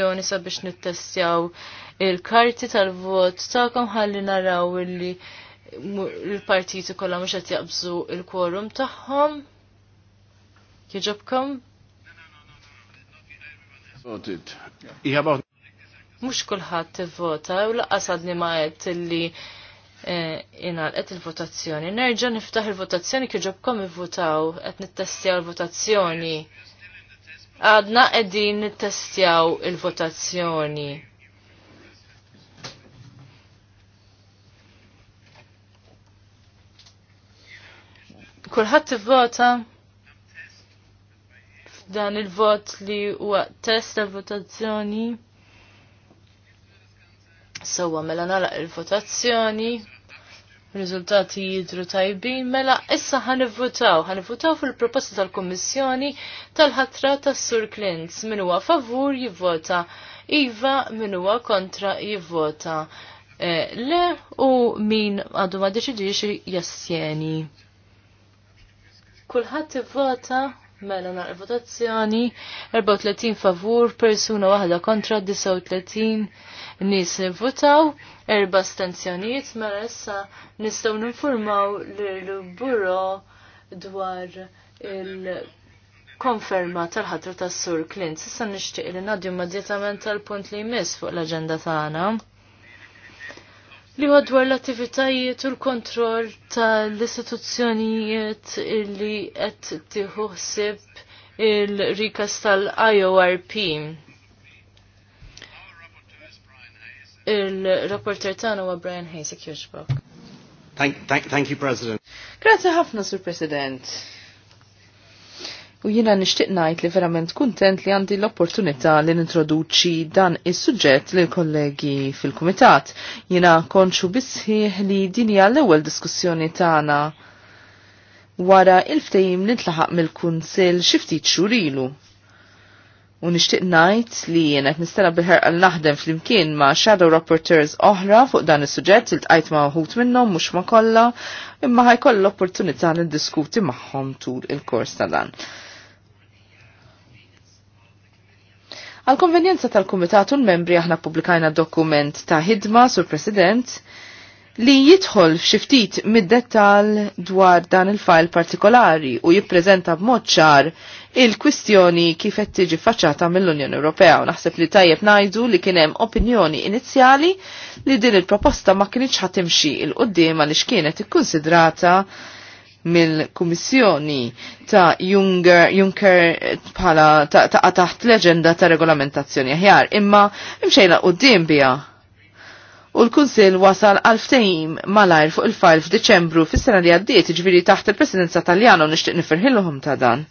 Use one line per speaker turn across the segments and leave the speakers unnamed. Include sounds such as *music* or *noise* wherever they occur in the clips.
votazzjoni sabiex nittestjaw il-karti tal-vot ta'kom ħalli naraw illi il-partiti kollha mhux qed jaqbżu il-kworum tagħhom. Jiġobkom? Mhux kulħadd ivvota u laqqas għadni ma qed illi eh, inalqet il-votazzjoni. Nerġa' niftaħ il-votazzjoni kieġobkom ivvutaw qed nittestjaw il-votazzjoni. il votazzjoni għadna qegħdin nittestjaw il-votazzjoni. Kulħadd t-vota f'dan il-vot li huwa test tal-votazzjoni. Sewwa mela nagħlaq il-votazzjoni riżultati jidru tajbin, mela issa ħanivvutaw, ħanivvutaw fil-proposta tal-Kommissjoni tal-ħatra tas-Sur Klintz min huwa favur jivvota iva, min huwa kontra jivvota eh, le u min għadu ma deċidix jassjeni. Kulħadd ivvota Mela naqra votazzjoni 34 favur, persuna waħda kontra 39 nies votaw, erba' stanzjoniet, mela issa nistgħu ninformaw l buro dwar il-konferma tal ħatru tas-Sur Klint. Issa nixtieq li ngħaddu immedjatament tal-punt li jmiss fuq l-aġenda tagħna li huwa dwar l-attivitajiet u l-kontroll tal-istituzzjonijiet li qed tieħu il-rikas tal-IORP. Il-rapporter tagħna huwa Brian Hayes Thank,
thank,
thank you, President.
Grazie ħafna, Sur President.
U jina nishtiq najt li verament kuntent li għandi l-opportunità li nintroduċi dan is suġġett li kollegi fil-Kumitat. Jina konċu bisħiħ li dinja l-ewel diskussjoni tagħna wara il-ftejim li tlaħaq mill-Kunsil xiftit xurilu. U nixtieq ngħid li jien qed nistara bil-ħerqa naħdem flimkien ma' shadow rapporteurs oħra fuq dan is-suġġett li tqajt ma' wħud minnhom mhux ma' kollha, imma koll l-opportunità diskuti magħhom tul il-kors ta' dan. Għal konvenjenza tal kumitatu l-membri aħna publikajna dokument ta' ħidma sur President li jidħol f'xiftit mid-dettal dwar dan il-fajl partikolari u jippreżenta b'mod ċar il-kwistjoni kif qed tiġi faċċata mill-Unjoni Ewropea u naħseb li tajjeb ngħidu li kien hemm opinjoni inizjali li din il-proposta ma kienx ħatimxi il qudiem għaliex kienet ikkunsidrata mill-Kummissjoni ta' Juncker, Juncker bħala ta' taħt ta taħt leġenda ta' regolamentazzjoni aħjar, imma imxejla u bija. U l-Kunsil wasal għal ftehim malajr fuq il-fajl f'Deċembru fis-sena li għaddiet ġviri jiġifieri taħt il-Presidenza Taljana u nixtieq nifirħilhom ta' dan.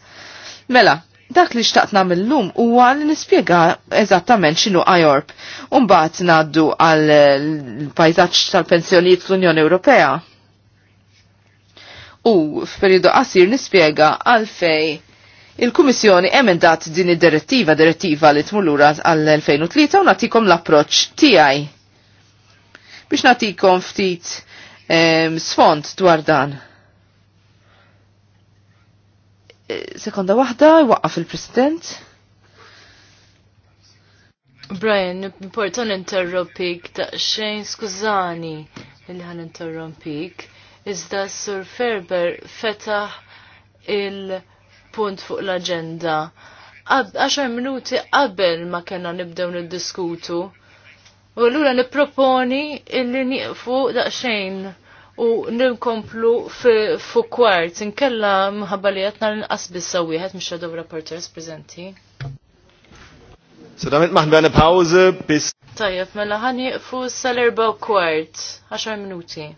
Mela, dak li xtaqna mill-lum huwa li nispjega eżattament xinu IORP u mbagħad ngħaddu għal pajzaċ tal-pensjonijiet fl-Unjoni Ewropea u f'periodu qasir nispjega għalfej il-Kummissjoni emendat din id-direttiva, direttiva li tmullura għal-2003 u natikom l-approċ tiegħi. Biex natikom ftit sfond dwar dan. E, sekonda waħda, waqqaf il-President.
Brian, importan interrompik, ta' xejn skużani il ħan interrompik iżda Sur Ferber fetaħ il-punt fuq l-agenda. 10 minuti qabel ma kena nibdew niddiskutu. U l-ura niproponi illi niqfu daqxejn u nikomplu fuq kwart. Inkella mħabba li jatna l-inqas bissa wieħed mx shadow rapporters prezenti.
So damit machen wir eine Pause bis...
Tajjeb, mela ħani fuq sal-erba kwart, 10 minuti.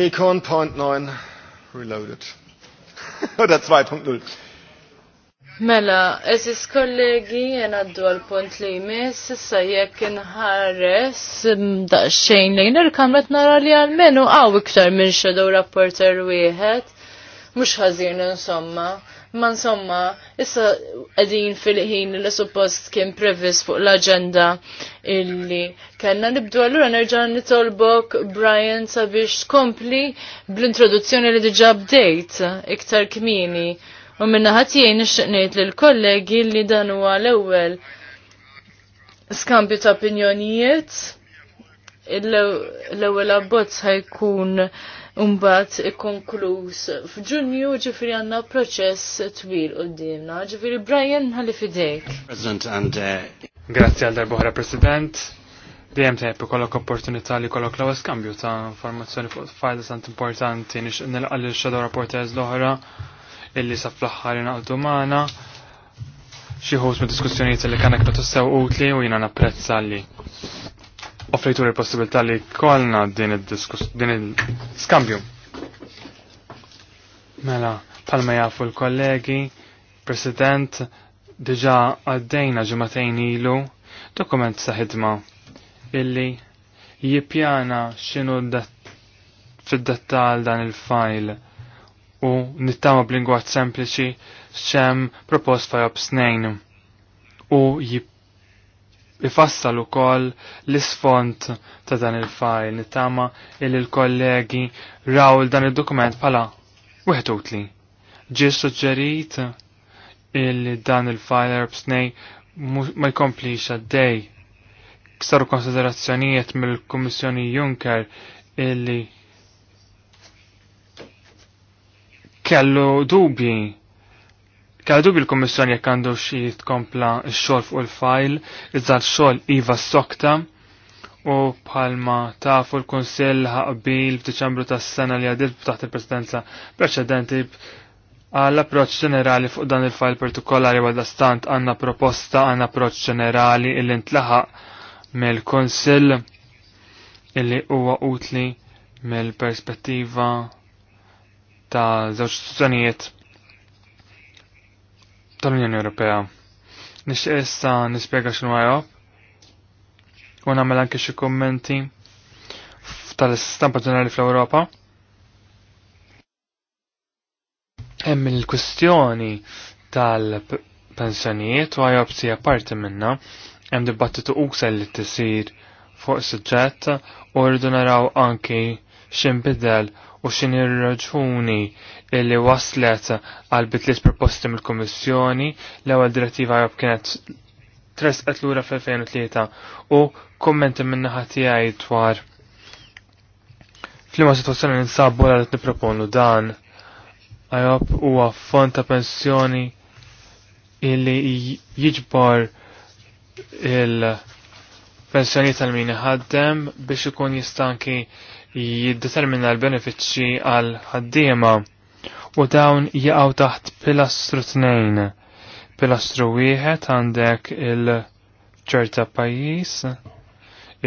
Econ Point nine. Reloaded. *laughs* Oder 2.0.
Mela, eżis kollegi jen għaddu għal-punt li jmiss, issa jekk inħares daqxejn li jnir kamret nara li għal-menu għaw iktar minn xedow rapporter wieħed mhux ħażin insomma. Ma insomma, issa qegħdin fil-ħin li suppost kien previs fuq l-aġenda illi kellna nibdu allura nerġa' nitolbok Brian sabiex tkompli bl-introduzzjoni li diġa' bdejt iktar kmini. U minna ħatijaj nixtiqnejt l-kollegi li dan huwa l-ewwel skambju ta' opinjonijiet l-ewwel abbozz ħajkun Umbat konkluż f'Ġunju ġifiri għanna proċess twil u d-dimna. Ġifiri Brian, għalli fidejk.
President and... Uh, Grazie għal darbohra President. Dijem u kollok opportunità li kollok l skambju ta' informazzjoni fuq fajda sant importanti nil-għalli l-xadow rapportez l-oħra illi sa' fl-ħar jinaqdu maħna. Xieħuż me diskussjoniet li kanek ta' sew utli u jina napprezza li offrejtu l-possibilità li kolna din il-skambju. Mela, palma jafu l-kollegi, president, diġa għaddejna ġumatajn ilu, dokument saħidma illi jipjana xinu fid-dettal dan il-fajl u nittama b'lingwaġġ sempliċi xem propost fajob snejn u jip ifassal ukoll l-isfont ta' dan il-fajl tama il l-kollegi raw dan il-dokument pala weħtutli. Ġi suġġerit il dan il-fajl erbsnej ma jkomplix għaddej. Ksaru konsiderazzjonijiet mill-Kummissjoni Juncker illi kellu dubji Kaddu bil-Kommissjoni jekk għandu xi tkompla x-xogħol fuq il-fajl, iżda l-xogħol iva sokta u bħalma tafu l-Kunsill ħaqbil f'Diċembru tas-sena li għadil taħt il-Presidenza preċedenti għall approċċ ġenerali fuq dan il-fajl partikolari għadda stant għanna proposta għanna approċċ ġenerali illi ntlaħaq mill-Kunsill illi huwa utli mill-perspettiva ta' żewġ istituzzjonijiet tal-Unjoni Ewropea. Nixtieq issa nispjega x'inhu għajob u nagħmel anke xi kummenti tal-istampa ġenerali fl-Ewropa. Hemm il-kwistjoni tal-pensjonijiet u għajob si apparti minna hemm dibattitu uksa li tisir fuq suġġett u rridu naraw anki x'inbidel u xini raġuni li waslet għal bitlis proposti mill-Kommissjoni l-ewwel direttiva għab kienet tres lura fil 2003 u kommenti minnaħa tiegħi dwar flima situazzjoni n-sabbu għal qed niproponu dan Ajop u għaffon ta' pensjoni illi jiġbor il-pensjoni tal mini ħaddem biex ikun jistanki jiddetermina l-benefiċċji għal ħaddiema u dawn jaqgħu taħt pilastru tnejn. Pilastru wieħed għandek il-ċerta pajjiż,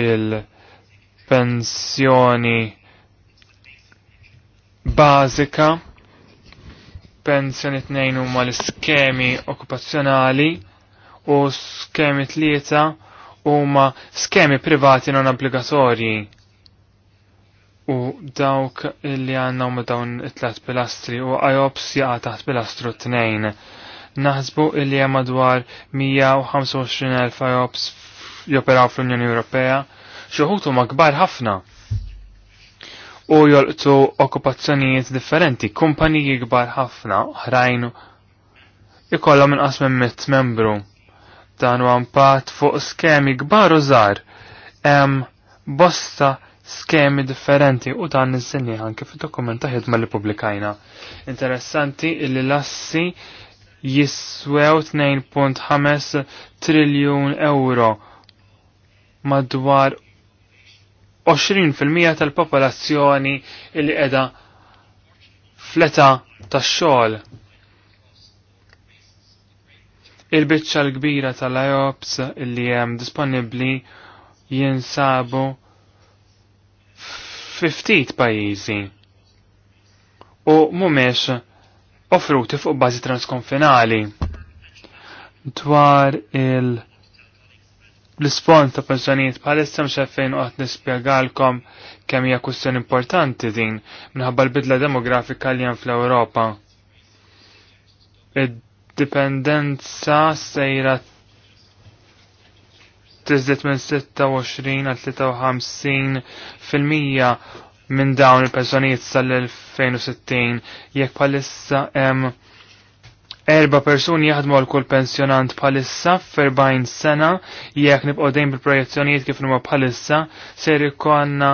il-pensjoni bażika, pensjoni tnejn huma l-iskemi okkupazzjonali u skemi tlieta huma skemi privati non obbligatorji u dawk li għanna u dawn it tlet pilastri u IOPS jaqa taħt pilastru t-nejn. Naħsbu li hemm madwar 125.000 IOPS joperaw fl-Unjoni Ewropea, xoħutu ma kbar ħafna u jolqtu okkupazzjonijiet differenti, kumpaniji kbar ħafna, ħrajn ikollhom inqas minn mit membru. Dan u impatt fuq skemi kbar u żgħar. Hemm bosta skemi differenti u dan nizzinni għan kif dokumenta ħidma li publikajna. Interessanti illi lassi jiswew 2.5 triljun euro madwar 20% tal-popolazzjoni illi edha fleta tax-xogħol. Il-biċċa l-kbira tal-IOPS illi hemm disponibbli jinsabu fiftit pajizi u mhumiex offruti fuq bażi transkonfinali dwar il- l spont ta' pensjoniet bħalissa mxeffejn uqt nispjegalkom kemm hija kwistjoni importanti din minħabba l-bidla demografika li hemm fl-Ewropa. Id-dipendenza sejra tiżdiet minn 26 għal 53 fil-mija minn dawn il-personijiet sal-2060 jekk palissa hemm erba persuni jaħdmu għal kull pensjonant palissa f'40 sena jekk nibqgħu dejjem bil-projezzjonijiet kif numa palissa ser ikonna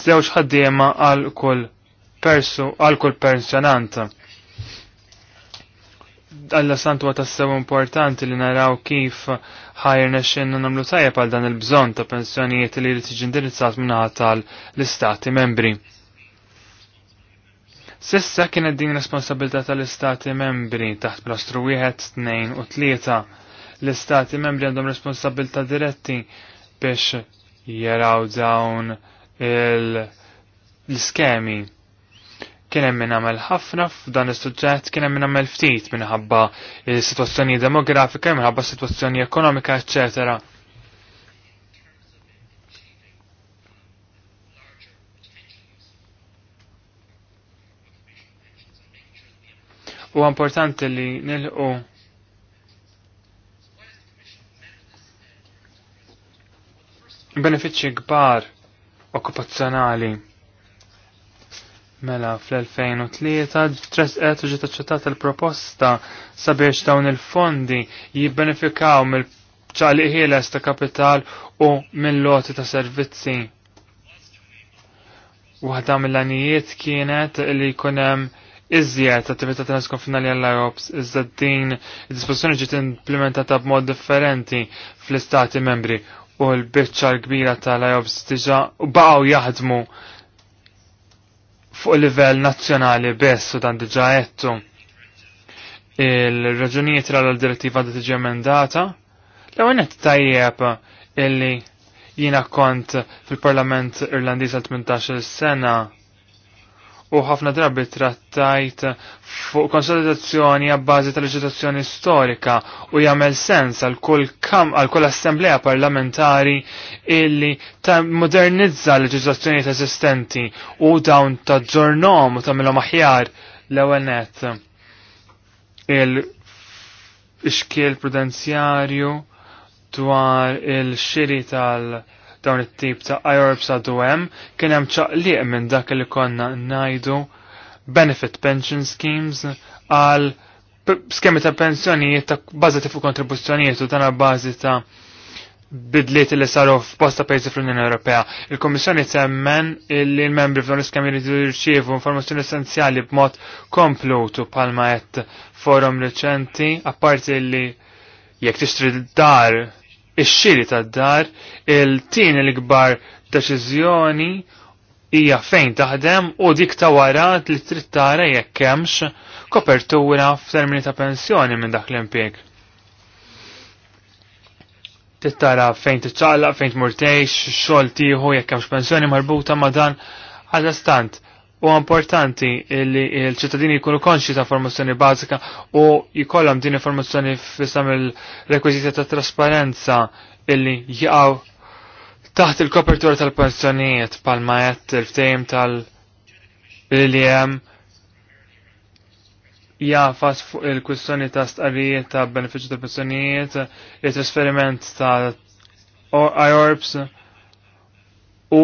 żewġ ħaddiema għal kull persu għal kull pensjonant għalla santu għatassew importanti li naraw kif ħajr xinna namlu tajja pal dan il-bżon ta' pensjonijiet li li tiġi indirizzat minna tal-istati membri. Sissa kienet din responsabilità tal-istati membri taħt plastru wieħed, tnejn u tlieta. L-istati membri għandhom responsabilità diretti biex jaraw dawn l-iskemi kien hemm nagħmel ħafna f'dan is-suġġett kien hemm nagħmel ftit minħabba s sitwazzjoni demografika, minħabba s-sitwazzjoni ekonomika, eċetera. U importanti li nilqu benefiċċji kbar okkupazzjonali Mela fl-2003 tresqet eh, u ġiet aċċettata l-proposta sabiex dawn il-fondi jibbenefikaw mill-ċali ħieles ta' kapital u mill-loti ta' servizzi. Waħda mill-anijiet kienet li kunem iżjed attività ta' finali għall europs iżda din id-disposizjoni ġiet implementata b'mod differenti fl-istati membri u l-bicċa l-kbira tal europs diġa u baqgħu jaħdmu fuq livell nazzjonali bess u dan diġa għettu. Il-raġunijiet l direttiva da tiġi emendata, l għanet tajjeb illi jina kont fil-Parlament Irlandiż għal 18 sena u ħafna drabi trattajt fuq konsolidazzjoni għabbażi tal-leġitazzjoni storika u jagħmel sens għal kull kam għal kull assembleja parlamentari illi ta' modernizza l-leġitazzjoni eżistenti u dawn ta' ġornom u tagħmilhom aħjar l-ewwel net il-xkiel prudenzjarju dwar il-xiri tal- dawn it-tip ta' IRBs għadu hemm kien hemm ċaqliq minn dak li konna ngħidu benefit pension schemes għal skemi ta' pensjonijiet ta' bażati fuq kontribuzzjonijiet u dan bażi ta' bidliet li saru f'posta pejzi fl-Unjoni Ewropea. Il-Kommissjoni temmen li l-membri l iskemi li jirċievu informazzjoni essenzjali b'mod komplutu palma qed forum reċenti, apparti li jekk tixtri dar ix-xiri tad-dar, il-tieni l-kbar deċiżjoni hija fejn taħdem u dik ta' wara li trid tara jekk hemmx kopertura f'termini ta' pensjoni minn dak l-impjeg. Tittara fejn tiċċaqlaq, fejn tmurtejx, xogħol tieħu jekk hemmx pensjoni marbuta ma' dan għal stant U importanti li l-ċittadini jkunu konxi ta' informazzjoni bażika u jkollhom din informazzjoni f'isam il-rekwiżiti ta' trasparenza illi jaqgħu taħt il-kopertura tal-pensjonijiet pal-majet il-ftehim tal-LM jafas fuq il-kwistjoni ta' stqarrijiet ta' benefiċċju tal-pensjonijiet, il-trasferiment ta' IORPS u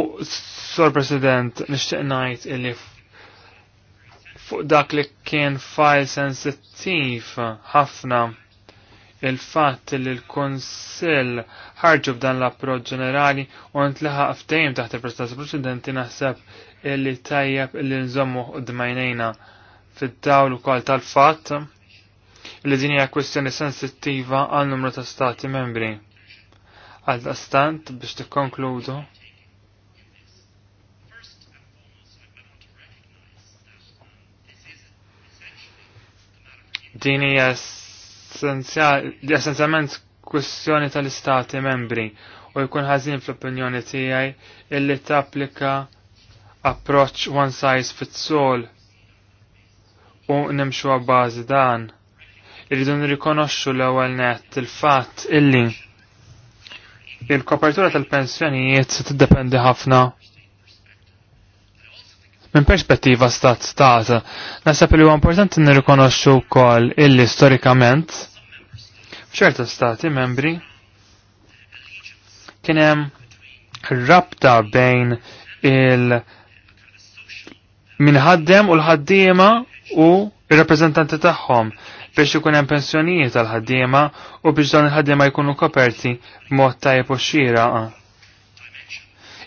Sor President, nixtieq ngħid illi fuq dak li kien file sensittiv ħafna il-fatt li l konsil ħarġu b'dan l-approċ ġenerali u ntlaħaq ftehim taħt il-prestazzi preċedenti naħseb illi tajjeb illi nżommu d-majnejna fid-dawl ukoll tal-fatt li din hija kwestjoni sensittiva għal numru ta' stati membri. Għal dastant biex tikkonkludu Din hija essenzjalment kwestjoni tal-istati membri u jkun ħażin fl-opinjoni tiegħi illi tapplika approach one size fits all u nimxu għabbażi dan. Irridu nirrikonoxxu l-ewwel net il-fatt illi il-kopertura tal-pensjonijiet se tiddependi ħafna minn perspettiva stat stat. Nasab li huwa importanti nirrikonoxxu wkoll illi storikament f'ċerta stati membri kien hemm rabta bejn il minħaddem u l-ħaddiema u il reprezentanti tagħhom biex ikun hemm pensjonijiet tal ħaddiema u biex dawn il-ħaddiema jkunu koperti b'mod tajjeb u xira.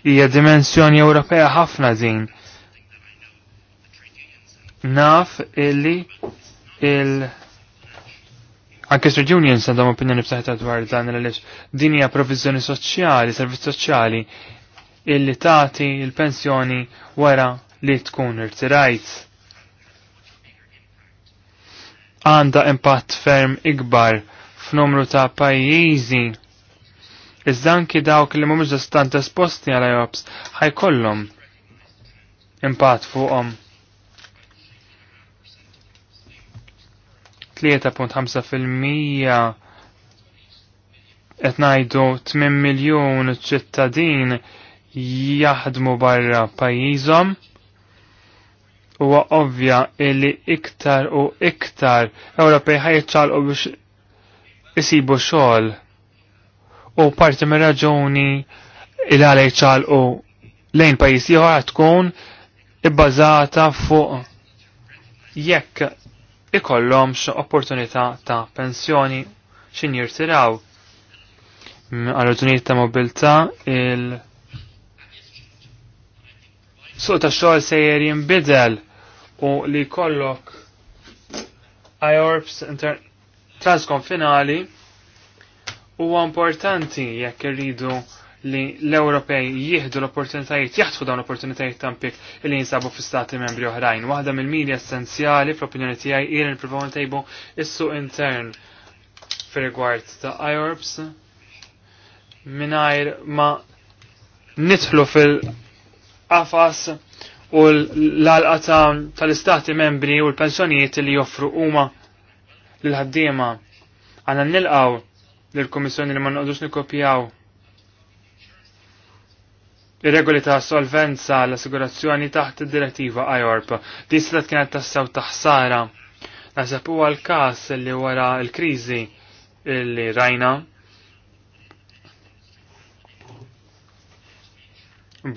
Hija dimensjoni Ewropea ħafna din naf illi il- Anke Sir Union sandom opinjoni b'saħħitha dwar dan għaliex din hija provviżjoni soċjali, servizz soċjali illi tagħti il-pensjoni wara li tkun irtirajt. Għanda impatt ferm ikbar f'numru ta' pajjiżi iżda anki dawk li mhumiex stant esposti għal IOPS ħajkollhom impatt fuqhom. 3.5% qed ngħidu 8 miljun ċittadin jaħdmu barra pajjiżhom huwa ovvja li iktar u iktar Ewropej u biex isibu xogħol. U parti mir raġuni il għalej ċalqu lejn pajjiż ieħor tkun ibbażata fuq jekk ikollhomx opportunità ta' pensjoni xin jirtiraw. Għal-raġunijiet ta' mobilità il- suq ta' xogħol sejjer jinbidel u li kollok IORPS transkonfinali huwa importanti jekk irridu li l-Ewropej jieħdu l-opportunitajiet, jaħtfu dawn l-opportunitajiet tampik li jinsabu fi stati membri oħrajn. Waħda mill-miri essenzjali fl-opinjoni tiegħi hija li nippruvaw ntejbu is-suq intern fir-rigward ta' IORPS mingħajr ma nidħlu fil-qafas u l-alqa tal-istati membri u l-pensjonijiet li joffru huma l-ħaddiema għanna nilqaw l-Komissjoni li ma nqodux nikopjaw Ir-regoli ta' solvenza l-assigurazzjoni taħt id-direttiva IORP. Din kienet tassew taħsara. Nasab huwa l-każ li wara l-kriżi li rajna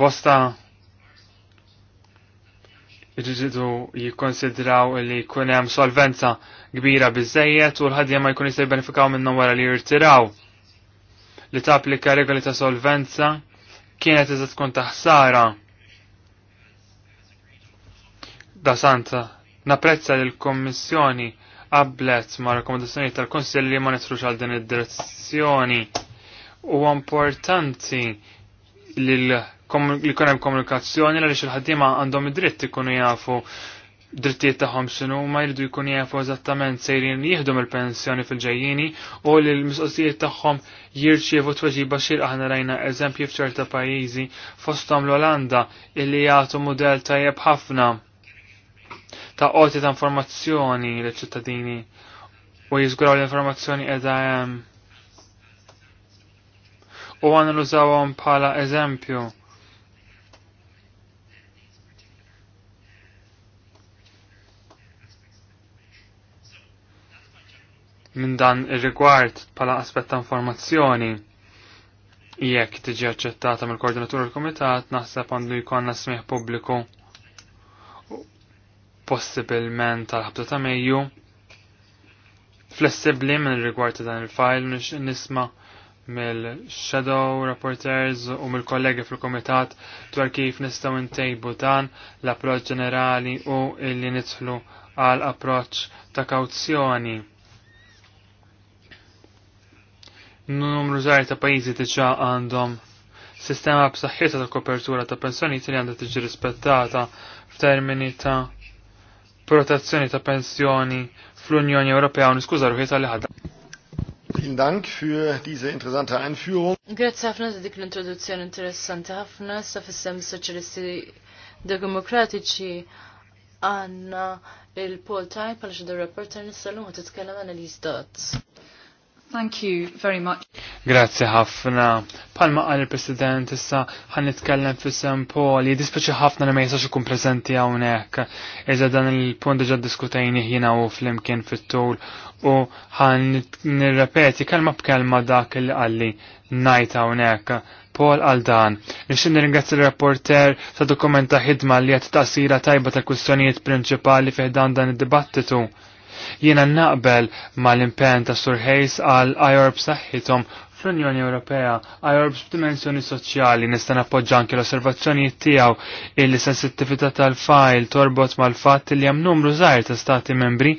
bosta irridu jikkonsidraw li jkun hemm solvenza kbira biżejjed u l-ħadja ma jkun jista' jbenefikaw minnhom wara li jirtiraw li tapplika regoli ta' solvenza kienet iżda tkun taħsara. Da santa, naprezza li l-Kommissjoni qablet ma' rakkomandazzjoni tal-Konsill li ma nitrux għal din id-direzzjoni. U importanti li l-komunikazzjoni li xil-ħaddima għandhom id-dritt ikunu jafu drittijiet tagħhom x'inhu ma jridu jkun jafu eżattament sejrin jieħdu mill-pensjoni fil-ġejjieni u li l-mistoqsijiet tagħhom jirċievu tweġiba xirqa aħna rajna eżempji f'ċerta pajjiżi fosthom l-Olanda illi jagħtu mudell tajjeb ħafna ta' qoti ta' informazzjoni l-ċittadini u jiżguraw l-informazzjoni qiegħda hemm. U l-użawom bħala eżempju minn dan ir-rigward pala aspett ta' informazzjoni jekk tiġi aċċettata mill-koordinatur il-komitat naħseb għandu jkollna smieħ pubbliku possibilment tal-ħabta ta' Mejju flessibbli minn rigward ta' dan il-file nisma' mill-shadow reporters u mill-kollegi fil-komitat dwar kif nistgħu ntejbu dan l-approċċ ġenerali u illi nidħlu għal approċċ ta' kawzjoni numru zaħi ta' pajjiżi diġà għandhom sistema b'saħħitha ta' kopertura ta' pensjoni li għandha tiġi rispettata f'termini ta' protezzjoni ta' pensjoni fl-Unjoni Ewropea u niskuża ruħi tal ħadda.
Vielen Dank für diese interessante Einführung.
Grazie ħafna ta' dik l-introduzzjoni interessanti ħafna sa' fis soċjalisti demokratiċi għanna il-Paul Time pal xi reporter nissallu tkellem għan Annelies Dodds. Thank you
very much.
Grazie ħafna. Palma għal il-President issa ħan itkellem fi Paul. dispeċi ħafna li ma jisax ikun preżenti hawnhekk. Iżda dan il-punt diġà diskutajni jina u flimkien fit-tul u ħan nirrepeti kelma b'kelma dak li qalli ngħid hawnhekk. Paul Aldan. Nixin nirringazzi l-rapporter ta' dokumenta ħidma li għat tasira tajba tal-kwistjonijiet prinċipali fiħdan dan id-dibattitu Jiena naqbel mal-impen ta' surħejs għal IORB saħħitom fl-Unjoni Ewropea, IORB b'dimensjoni soċjali nista' nappoġġa anke l-osservazzjonijiet tiegħu illi sensittività tal-fajl torbot mal-fatt li hemm numru żgħir ta' stati membri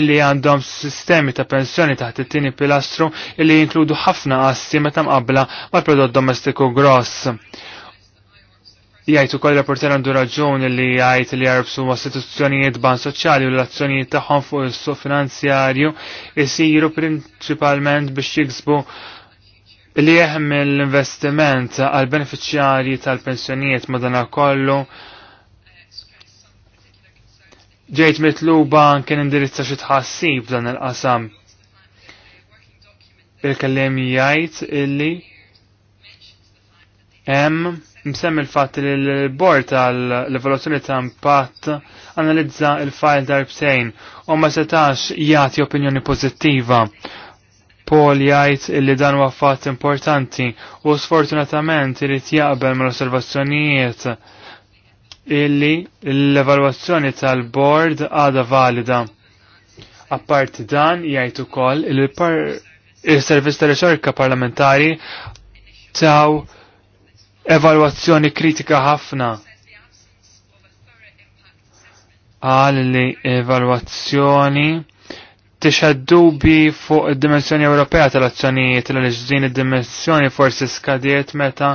illi għandhom sistemi ta' pensjoni taħt it-tieni pilastru illi jinkludu ħafna qassi meta mqabbla mal-prodott domestiku gross jgħid ukoll reporter għandu raġun li jgħid li jarbsu ma' istituzzjonijiet ban soċjali u l-azzjonijiet tagħhom fuq is-suq finanzjarju jisiru prinċipalment biex jiksbu li jeħm l-investiment għal beneficjari tal-pensjonijiet madana kollu ġejt mitluba kien indirizza xi tħassib dan il-qasam. Il-kellem jgħid illi hemm msemm il-fatt li l-bord tal-evoluzzjoni ta' impatt analizza il-file darbtejn u ma setax jagħti opinjoni pożittiva. Paul jgħid li dan huwa fatt importanti u sfortunatament irid jaqbel mal-osservazzjonijiet illi l-evalwazzjoni tal-bord għada valida. Apparti dan jgħid ukoll il-servizz tal-riċerka parlamentari taw evalwazzjoni kritika ħafna. Għal li evalwazzjoni tixħad dubi fuq id-dimensjoni Ewropea tal-azzjonijiet l ġdin id-dimensjoni forsi skadiet meta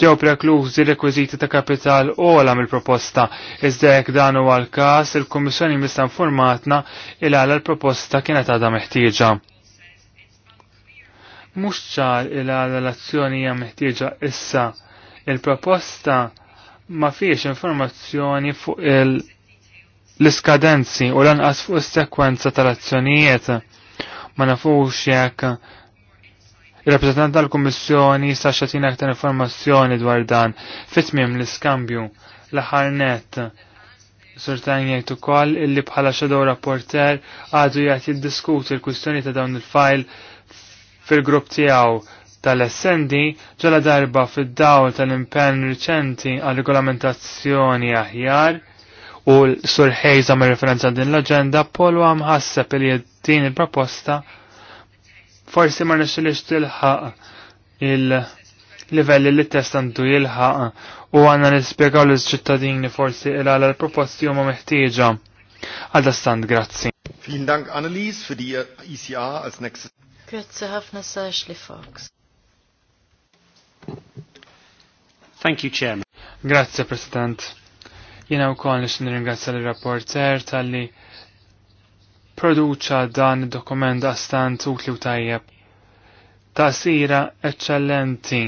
ġew preklużi rekwiziti ta' kapital ola mill-proposta. Iżda jekk dan huwa l-każ, il-Kummissjoni mista' informatna il għala l-proposta kienet għadha meħtieġa mhux ċar il relazzjoni hija meħtieġa issa il-proposta ma fiex informazzjoni fuq l-iskadenzi u lanqas fuq is-sekwenza tal-azzjonijiet ma nafux jekk il-rappresentant tal-Kummissjoni sa xatina aktar informazzjoni dwar dan fitmim l-iskambju l-aħħar net Surtan jgħid ukoll illi bħala xadow rapporter għadu jgħid jiddiskuti l-kwistjoni ta' dawn il-fajl fil-grupp tiegħu tal-essendi ġala darba fid-dawl tal-impenn riċenti għal regolamentazzjoni aħjar u l-surħej ma' referenza din l-agenda polu għam ħasseb li din il-proposta forsi ma' nixilix tilħaq il-livelli li test għandu jilħaq u għanna nispiegaw l ċittadini forsi il għal l-proposti u ma' meħtieġa. għal stand, grazzi.
Vielen Dank, Annelies, für die ICA e als nächstes.
Grazzi ħafna sa Ashley Fox.
Thank you, Chairman. Grazie, President. Jena u koll nix nirringrazzja l-rapporter tal-li produċa dan dokument għastant utli u tajjeb. sira eccellenti.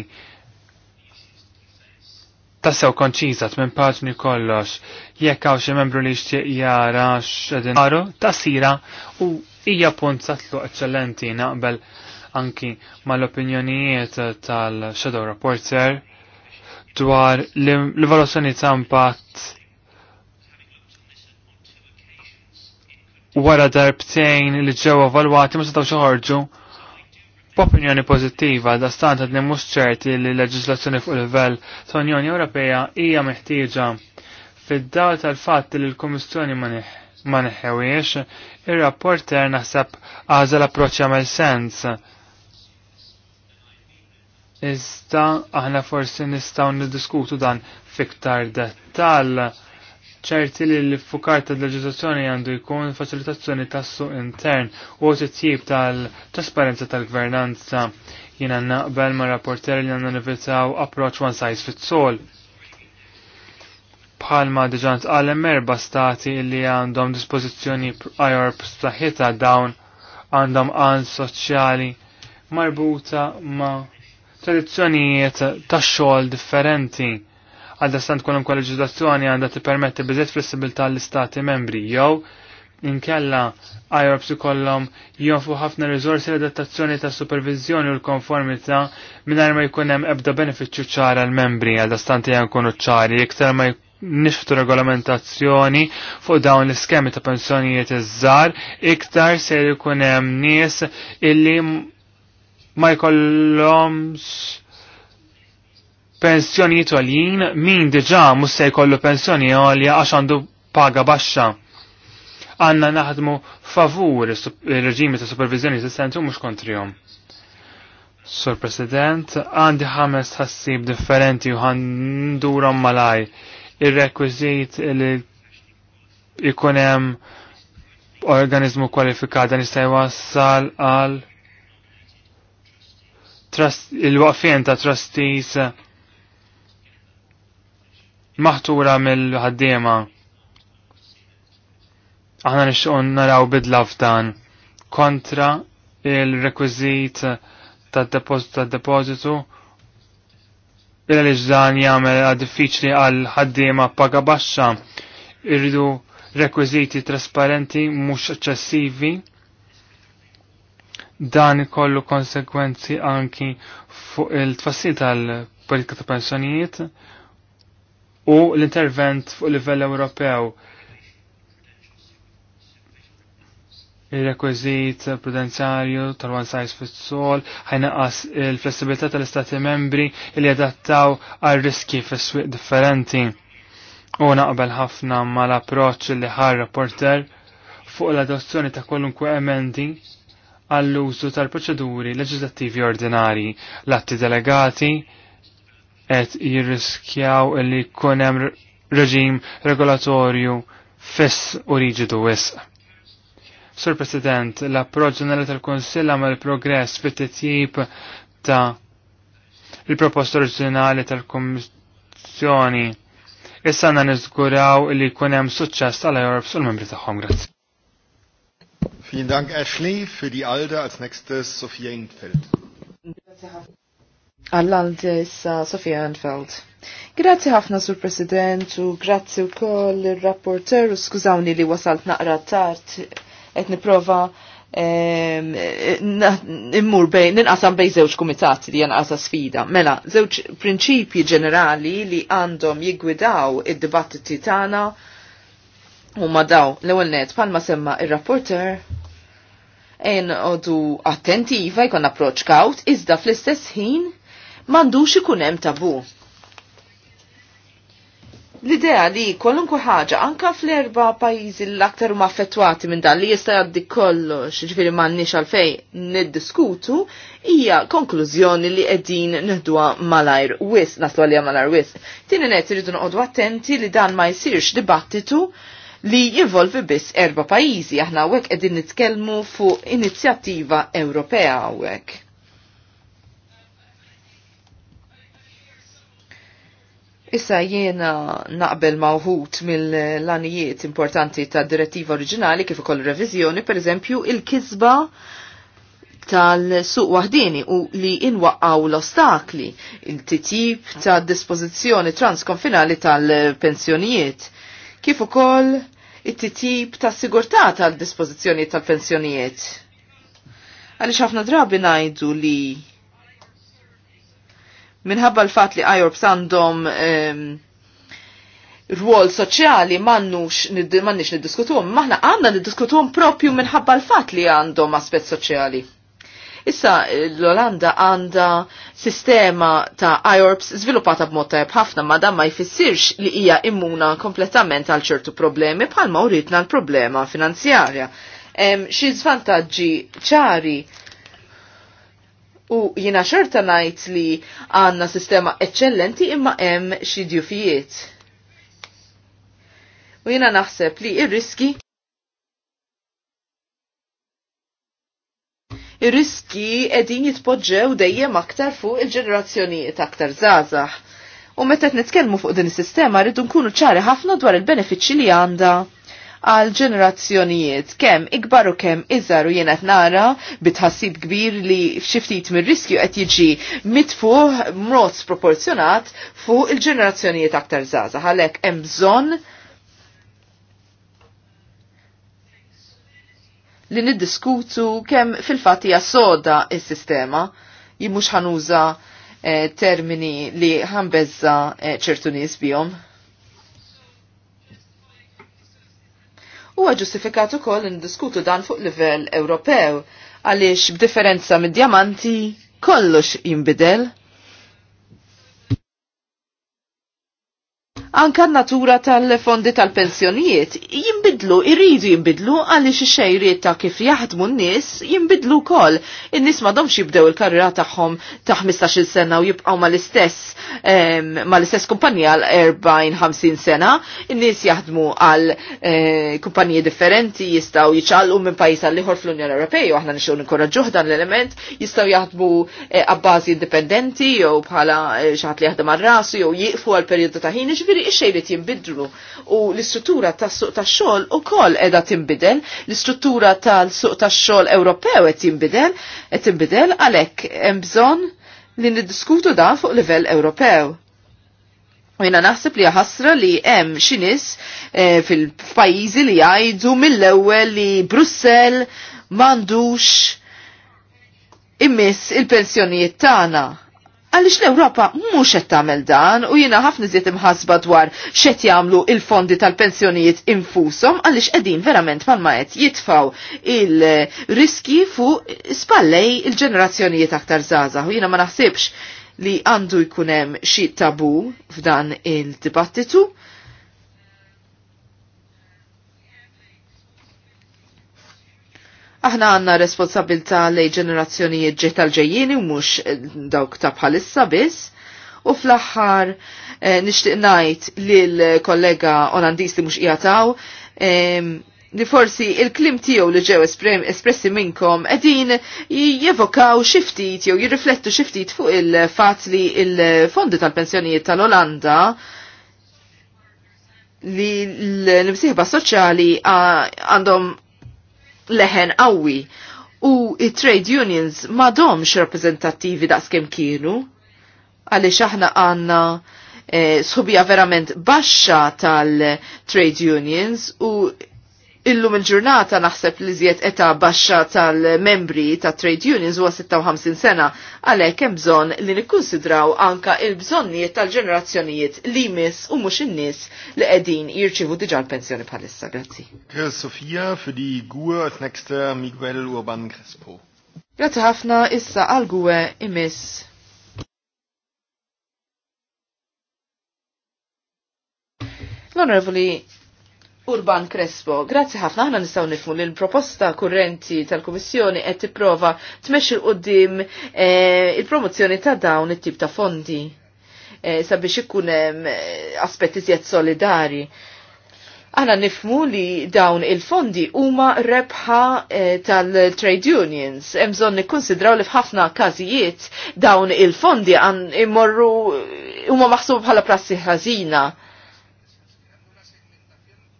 Tassew konċizat minn paġni kollox, jekk hawn xi membru li jixtieq jara x'edin ta' tasira u hija punt satlu eċċellenti naqbel anki mal-opinjonijiet tal-Shadow Reporter dwar l evoluzzjoni ta' impatt wara darbtejn li ġew evalwati ma setgħu ħorġu b'opinjoni pożittiva da stant qed mhux ċerti li l-leġiżlazzjoni fuq livell ta' Unjoni Ewropea hija meħtieġa fid dal tal-fatt li l-Kummissjoni ma ma nħewiex, ir-rapporter naħseb għażel approċċ għamel sens. Iżda aħna forsi nistgħu niddiskutu dan fiktar dettall ċerti li l-fukar ta' leġizazzjoni għandu jkun faċilitazzjoni tassu intern u għit-tjib tal-trasparenza tal-gvernanza jina naqbel ma' rapporter li għanna nivitaw approċ one size fit-sol bħalma diġant għalem erba stati illi għandhom dispozizjoni IR b'saħħita' dawn għandhom għan soċjali marbuta ma' tradizzjonijiet ta' xogħol differenti. Għadda stant kolum kwa leġislazzjoni għandha tippermetti biżiet flessibilità l-istati membri jew inkella IROPS ikollhom jonfu ħafna riżorsi l-adattazzjoni ta' supervizjoni u l-konformità mingħajr ma jkun hemm ebda benefiċċju ċara l-membri għadda stanti nkunu ċari iktar ma jkun nixftu regolamentazzjoni fuq dawn l-iskemi ta' pensjonijiet iż-żar, iktar se jkun hemm nies illi ma jkollhomx pensjonijiet għoljin min diġà mhux se jkollu pensjoni għolja għax għandu paga baxxa. Għanna naħdmu favur il-reġimi ta' supervizjoni esistenti u mhux kontrihom. Sur President, għandi ħames ħassib differenti u għandurom malaj il requisit li ikunem organizmu kwalifikat dan jista' jwassal għal il-waqfien ta' trustees maħtura mill-ħaddiema. Aħna nixtiequ naraw bidla f'dan kontra il-rekwizit tad-depożitu għaliex dan jagħmel diffiċli għal ħaddiema paga baxxa irridu rekwiżiti trasparenti mhux eċċessivi dan ikollu konsekwenzi anki fuq il-tfassil tal-politika ta' pensjonijiet u l-intervent fuq livell Ewropew il-rekwizit prudenzjarju tal-one size fits all, ħajnaqas il-flessibilità tal-istati membri li adattaw għal riski fis-swieq differenti. U naqbel ħafna mal-approċċ li ħar reporter fuq l-adozzjoni ta' kwalunkwe emendi għall-użu tal-proċeduri leġislattivi ordinari, l-atti delegati qed jirriskjaw li jkun hemm reġim regolatorju fiss u rigidu wisq Sur President, l-approċ ġenerali tal-Konsill għamel progress fit titjib ta' il-proposta oriġinali tal-Kommissjoni. Issa għanna niżguraw li jkun hemm suċċess tal Europe sul membri
tagħhom. Grazzi. Vielen Dank, Ashley. Für die ALDE als nächstes Sophia
Infeld. Għall-ALDE issa Sophia Infeld. Grazzi ħafna sur President u grazzi u koll il-rapporter u skużawni li wasalt naqra tard qed nipprova immur bejn, ninqasam bejn żewġ kumitati li janqasa sfida. Mela, żewġ prinċipji ġenerali li għandhom jiggwidaw id-dibattiti tagħna huma daw l-ewwel net palma semma ir-rapporter en odu attentiva jkun approċ kaut, iżda fl-istess ħin m'għandux ikun hemm tabu L-idea li kwalunkwe ħaġa, anka fl-erba pajizi l-aktar huma affettwati minn dan li jista' jgħaddi kollox, ġifieri m'għandniex għalfejn niddiskutu, hija konklużjoni li qegħdin neħduha malajr wis, naslu għalija malajr wis. Tieni net iridu noqogħdu attenti li dan ma jsirx dibattitu li jinvolvi biss erba' pajjiżi aħna hawnhekk qegħdin nitkellmu fuq inizjattiva Ewropea hawnhekk. Issa jiena naqbel mawħut mill-lanijiet importanti ta' direttiva oriġinali kif ukoll reviżjoni, per eżempju, il-kizba tal-suq wahdini u li inwaqqaw l-ostakli, il-titjib ta' dispożizzjoni transkonfinali tal-pensjonijiet, kif ukoll it-titjib ta' sigurtà tal dispozizjoni tal-pensjonijiet. Għaliex ħafna drabi ngħidu li minħabba l-fat li IORPS għandhom rwol soċjali mannux mannix niddiskutuhom, maħna għandna niddiskutuhom propju minħabba l-fat li għandhom aspett soċjali. Issa l-Olanda għanda sistema ta' IORPS sviluppata b'mod tajb ħafna ma dan ma jfissirx li hija immuna kompletament għal ċertu problemi bħalma uritna l-problema finanzjarja. Xi zvantaġġi ċari U jina xorta najt li għanna sistema eccellenti imma hemm xi djufijiet. U jina naħseb li ir-riski ir-riski edin jitpoġġew dejjem aktar fuq il-ġenerazzjonijiet aktar żgħażagħ. U meta nitkellmu fuq din is-sistema rridu nkunu ċari ħafna dwar il-benefiċċji li għandha għal ġenerazzjonijiet kemm ikbar u kemm iżar u nara bitħassib kbir li f'xiftit mir-riskju qed jiġi mitfu mrots sproporzjonat fuq il-ġenerazzjonijiet aktar zaza. għalhekk hemm bżonn li niddiskutu kemm fil-fatt hija soda s-sistema jien mhux ħanuża eh, termini li ħambezza eh, ċertu eh, nies bihom. huwa ġustifikat ukoll diskutu dan fuq livell Ewropew għaliex b'differenza mid diamanti kollox jinbidel. anka natura tal-fondi tal-pensjonijiet jimbidlu, irridu jimbidlu għaliex xejriet ta' kif jaħdmu n-nies jimbidlu kol. In-nies m'għadhomx jibdew il-karriera tagħhom ta' 15-il sena u jibqgħu mal-istess ehm, mal-istess kumpanija għal 40-50 sena. In-nies jaħdmu għal eh, kumpaniji differenti jistgħu jiċċalqu minn pajjiż għal ieħor fl-Unjoni Ewropej u aħna nixxew ninkoraġġuh dan l-element jistgħu jaħdmu għabbażi eh, indipendenti jew bħala eh, xaħat li jaħdem għal rasu jew jieqfu għal periodu ta' ħin, ġifiri ix-xejbiet jinbidlu u l-istruttura tas-suq tax-xogħol ukoll qiegħda tinbidel, l-istruttura tal-suq tax-xogħol Ewropew qed jinbidel, qed tinbidel għalhekk hemm bżonn li niddiskutu dan fuq livell Ewropew. U jina naħseb li ħasra li hemm xi nies eh, fil-pajjiżi li jgħidu mill-ewwel li Brussell m'għandux immiss il-pensjonijiet tagħna Għalix l-Europa mux qed tagħmel dan u jiena ħafna ziet imħasba dwar x'qed jagħmlu il-fondi tal-pensjonijiet infushom għaliex qegħdin verament palma qed jitfaw il-riski fuq spallej il-ġenerazzjonijiet aktar żgħażagħ u jiena ma naħsibx li għandu jkunem xi tabu f'dan il-dibattitu Aħna għanna responsabilta lej ġenerazzjonijiet ġiet tal-ġejjini u mux eh, dawk ta' bħalissa biss. U fl-axħar eh, nishtiq najt li l-kollega olandis li mux jgħataw li forsi il-klim tiegħu li ġew espressi minnkom qegħdin jevokaw xiftit jew jirriflettu xiftit fuq il-fatt li il-fondi tal-pensjonijiet tal-Olanda li l-imsieħba soċjali għandhom leħen qawwi u trade unions madomx rappresentattivi da' skem kienu għaliex aħna għanna eh, sħubija verament baxxa tal-trade unions u Illum il-ġurnata naħseb li zjed eta baxxa tal-membri ta' trade unions huwa 56 sena, għalhekk hemm bżonn li nikkunsidraw anka il-bżonnijiet tal-ġenerazzjonijiet li jmiss u mhux in-nies li qegħdin jirċivu diġà l-pensjoni bħalissa. Grazzi.
Sofia für die Gur als nächster Miguel Urban Crespo.
Grazzi ħafna issa għal Gue imiss. L-Onorevoli Urban Crespo. Grazzi ħafna ħna nistaw nifmu li l-proposta kurrenti tal-Kummissjoni qed tipprova tmexxi l-qudiem eh, il-promozzjoni ta' dawn it-tip ta' fondi eh, sabiex ikun hemm eh, aspetti zjed solidari. Aħna nifmu li dawn il-fondi huma rebħa tal-trade unions. Hemm bżonn li f'ħafna każijiet dawn il-fondi għan immorru huma maħsub bħala prassi ħażina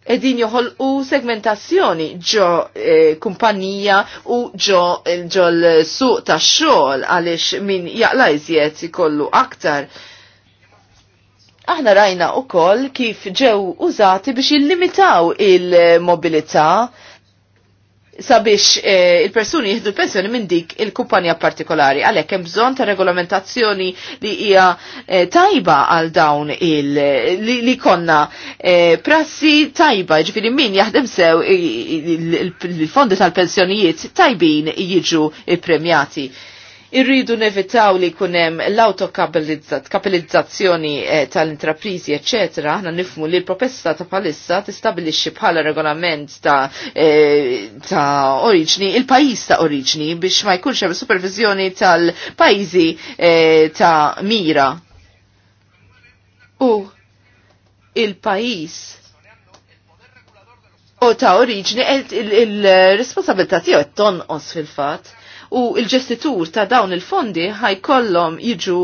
edin joħolqu segmentazzjoni ġo e, kumpanija u ġo, eh, ġo l-suq ta' xogħol għaliex min jaqla iżjed ikollu aktar. Aħna rajna u koll kif ġew użati biex il limitaw il mobilità sabiex eh, il-persuni jihdu pensjoni minn dik il-kumpanija partikolari. Għalhekk hemm bżonn ta' regolamentazzjoni li hija eh, tajba għal dawn il li, li konna eh, prassi tajba, ġifiri min jaħdem sew il-fondi tal-pensjonijiet tajbin jiġu premjati irridu nevitaw li kunem l-autokapitalizzazzjoni tal-intraprizi, ecc. Aħna nifmu li l-propesta ta' palissa tistabilixxi bħala regolament ta', ta oriġni, il-pajis ta' oriġni biex ma jkunx hemm supervizjoni tal-pajjiżi ta' mira. U il-pajis u ta' oriġni il-responsabilità tiegħu qed tonqos fil-fatt u il-ġestitur ta' dawn il-fondi ħajkollhom jiġu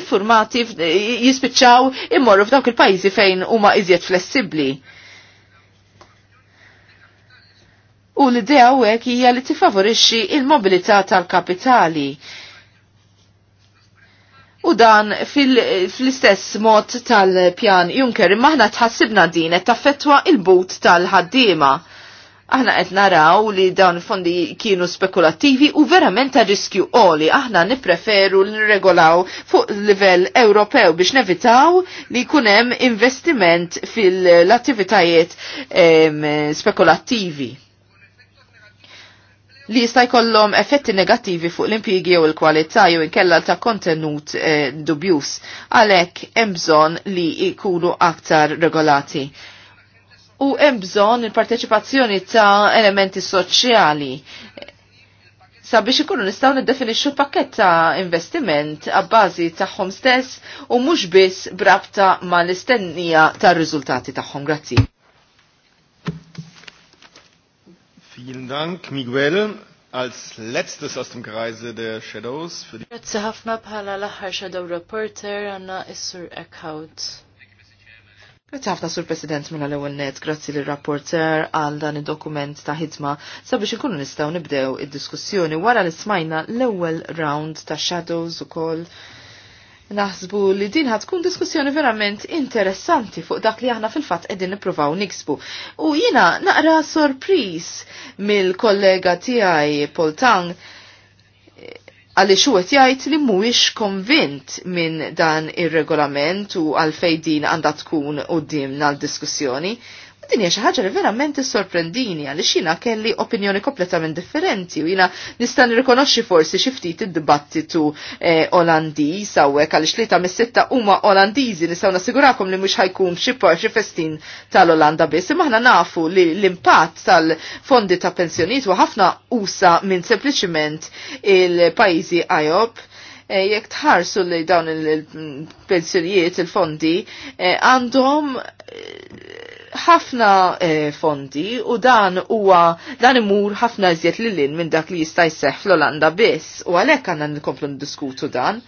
informati jispiċċaw immorru f'dawk il-pajjiżi fejn huma iżjed flessibbli. U l-idea għek hija li tifavorixxi il-mobilità tal-kapitali. U dan fil-istess mod tal-pjan Juncker imma tħassibna din qed taffettwa il-but tal-ħaddiema aħna qed naraw li dawn fondi kienu spekulattivi u verament ta' riskju oli. Aħna nippreferu nirregolaw fuq livell Ewropew biex nevitaw li jkun hemm investiment fil-attivitajiet spekulattivi li jista' jkollhom effetti negattivi fuq l impjiegi jew il-kwalità jew inkella ta' kontenut eh, dubjus. Għalhekk hemm bżonn li jkunu aktar regolati u hemm bżonn il-parteċipazzjoni ta' elementi soċjali sabiex ikunu nistgħu niddefinixxu pakket ta' investiment għabbażi tagħhom stess u mhux biss brabta mal-istennija tar-riżultati tagħhom. Grazzi.
Vielen Dank, Miguel. Als letztes aus dem Kreise der Shadows
für die...
Grazie ħafna bħala l-aħħar Shadow Reporter anna Issur Eckhout.
Grazzi ħafna sur President minna mela l-ewwel net, grazzi l rapporter għal dan id-dokument ta' ħidma sabiex nkunu nistgħu nibdew id-diskussjoni wara li smajna l-ewwel round ta' shadows ukoll. Naħsbu li din ħatkun diskussjoni verament interessanti fuq dak li aħna fil-fatt qegħdin nippruvaw niksbu. U jiena naqra sorpris mill-kollega tiegħi Paul Tang għalli xuwet jgħid li mhuwiex konvint minn dan ir-regolament u għalfej din għandha tkun qudiemna l-diskussjoni. Din hija xi ħaġa li verament issorprendini għaliex jiena kelli opinjoni kompletament differenti u jiena nista' nirrikonoxxi forsi xi ftit id-dibattitu Olandiż hawnhekk għaliex li ta' mis-sitta huma Olandiżi nistgħu nassigurakom li mhux ħajkun xi xi festin tal-Olanda biss, imma aħna nafu li l-impatt tal-fondi ta' pensjonijiet huwa ħafna usa minn sempliċiment il-pajjiżi IOP jekk tħarsu li dawn il-pensjonijiet, il-fondi, għandhom ħafna eh, fondi u dan huwa dan imur ħafna iżjed lil lin minn dak li jista' jseħħ fl-Olanda biss u għalhekk għandna nkomplu ndiskutu dan.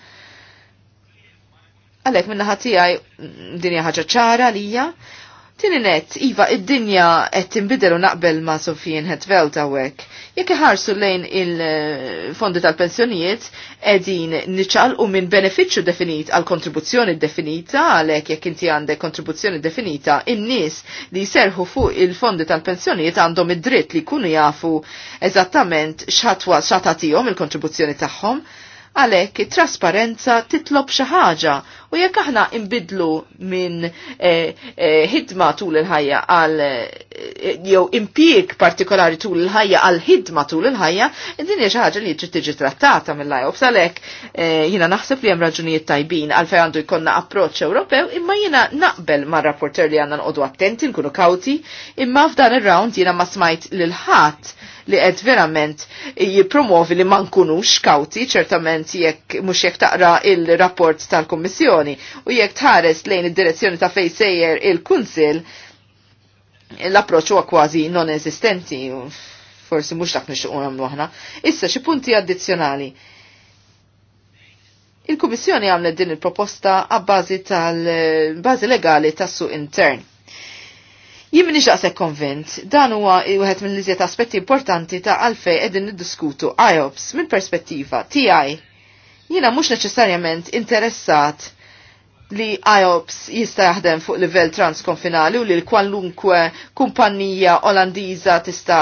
Għalhekk minn naħa tiegħi mm, din hija ħaġa ċara għalija. Tini net, Iva, id-dinja qed tinbidel u naqbel ma' Sofien Hetvel għawek. Jekk iħarsu lejn il-fondi tal-pensjonijiet, edin niċal u minn beneficju definit għal kontribuzzjoni definita, għalek jekk inti għandek kontribuzzjoni definita, in-nies li serħu fuq il-fondi tal-pensjonijiet għandhom id-dritt li kunu jafu eżattament xatwa xatatijom il-kontribuzzjoni tagħhom, għalek trasparenza titlob xi ħaġa U jekk aħna imbidlu minn eh, eh, ħidma tul il-ħajja għal eh, jew impjieg partikolari tul il-ħajja għal ħidma tul il-ħajja, din hija xi ħaġa li trid tiġi trattata mill-IOPS għalhekk jiena naħseb li hemm raġunijiet tajbin għal fejn għandu jkollna approċċ Ewropew, imma jiena naqbel mar rapporter li għandna nqogħdu attenti nkunu kawti, imma f'dan ir-round jiena ma smajt lil ħadd li qed verament jippromovi li ma nkunux kawti ċertament jekk mhux jekk taqra il-rapport tal-Kummissjoni direzzjoni u jekk tħares lejn id-direzzjoni ta' fejn sejjer il-Kunsill l-approċċ huwa kważi non eżistenti forsi mhux dak nixtiequ nagħmlu aħna. Issa xi punti addizzjonali. Il-Kummissjoni għamlet din il-proposta għabbażi tal-bażi legali tas-suq intern. Jien minix daqshekk konvint, dan huwa wieħed mill liżiet aspetti importanti ta' għalfej qegħdin niddiskutu IOPS minn perspettiva tiegħi. Jiena mhux neċessarjament interessat li IOPS jista jaħdem fuq livell transkonfinali u li kwalunkwe kumpanija olandiza tista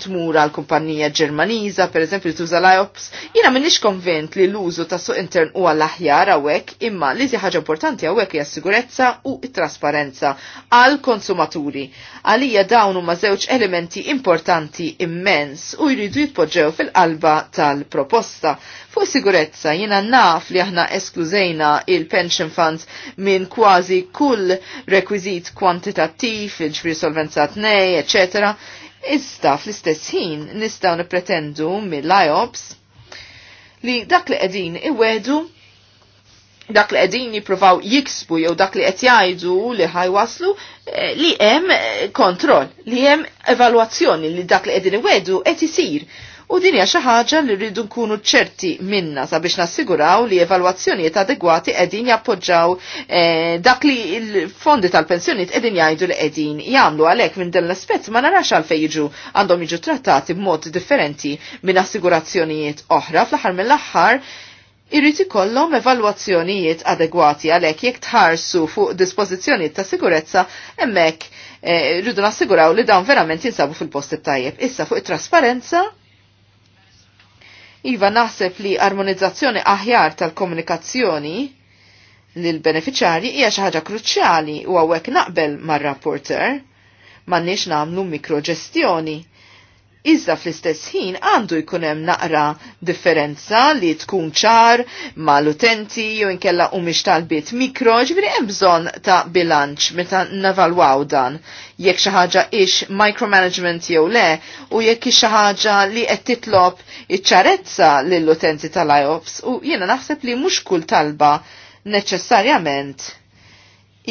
tmur għal kumpanija ġermaniza, per eżempju, tuża l-IOPS, jina minnix konvent li l-użu ta' suq intern u għall-aħjar għawek, imma li ħaġa importanti għawek hija sigurezza u trasparenza għal konsumaturi. Għalija dawn huma żewġ elementi importanti immens u jridu jitpoġġew fil-qalba tal-proposta. Fuq sigurezza jina naf li aħna esklużejna il-pension fund konstant minn kważi kull rekwizit kwantitattiv, il-ġbir solvenza tnej, eccetera, Iżda fl-istess ħin nistgħu nippretendu mill-IOPS li dak li qegħdin iwedu dak li qegħdin jippruvaw jiksbu jew dak li qed jgħidu li ħajwaslu eh, li hemm eh, kontroll, li hemm evalwazzjoni li dak li qegħdin iwedu qed isir. U din hija xi ħaġa li rridu nkunu ċerti minna sabiex nassiguraw li evalwazzjonijiet adegwati qegħdin jappoġġaw eh, dak li l-fondi tal-pensjonijiet qegħdin jgħidu li qegħdin jagħmlu għalhekk minn dan l-aspett ma narax għalfejn jiġu għandhom jiġu trattati b'mod differenti minn assigurazzjonijiet oħra fl-aħħar mill-aħħar irrit ikollhom evalwazzjonijiet adegwati għalhekk jekk tħarsu fuq dispożizzjonijiet ta' sigurezza hemmhekk eh, rridu nassiguraw li dawn verament jinsabu fil-post tajjeb. Issa fuq it-trasparenza Iva naħseb li armonizzazzjoni aħjar tal-komunikazzjoni lil beneficjarji hija xi ħaġa kruċjali u hawnhekk naqbel mar-rapporter m'għandniex nagħmlu mikroġestjoni Iżda fl-istess ħin għandu jkun hemm naqra differenza li tkun ċar mal-utenti jew nkella u tal talbiet mikro, ġviri hemm bżonn ta' bilanċ meta navalwaw dan jekk xi ħaġa ix micromanagement jew le u jekk xi ħaġa li qed titlob iċ-ċarezza lill-utenti tal-IOPS u jiena naħseb li mhux kull talba neċessarjament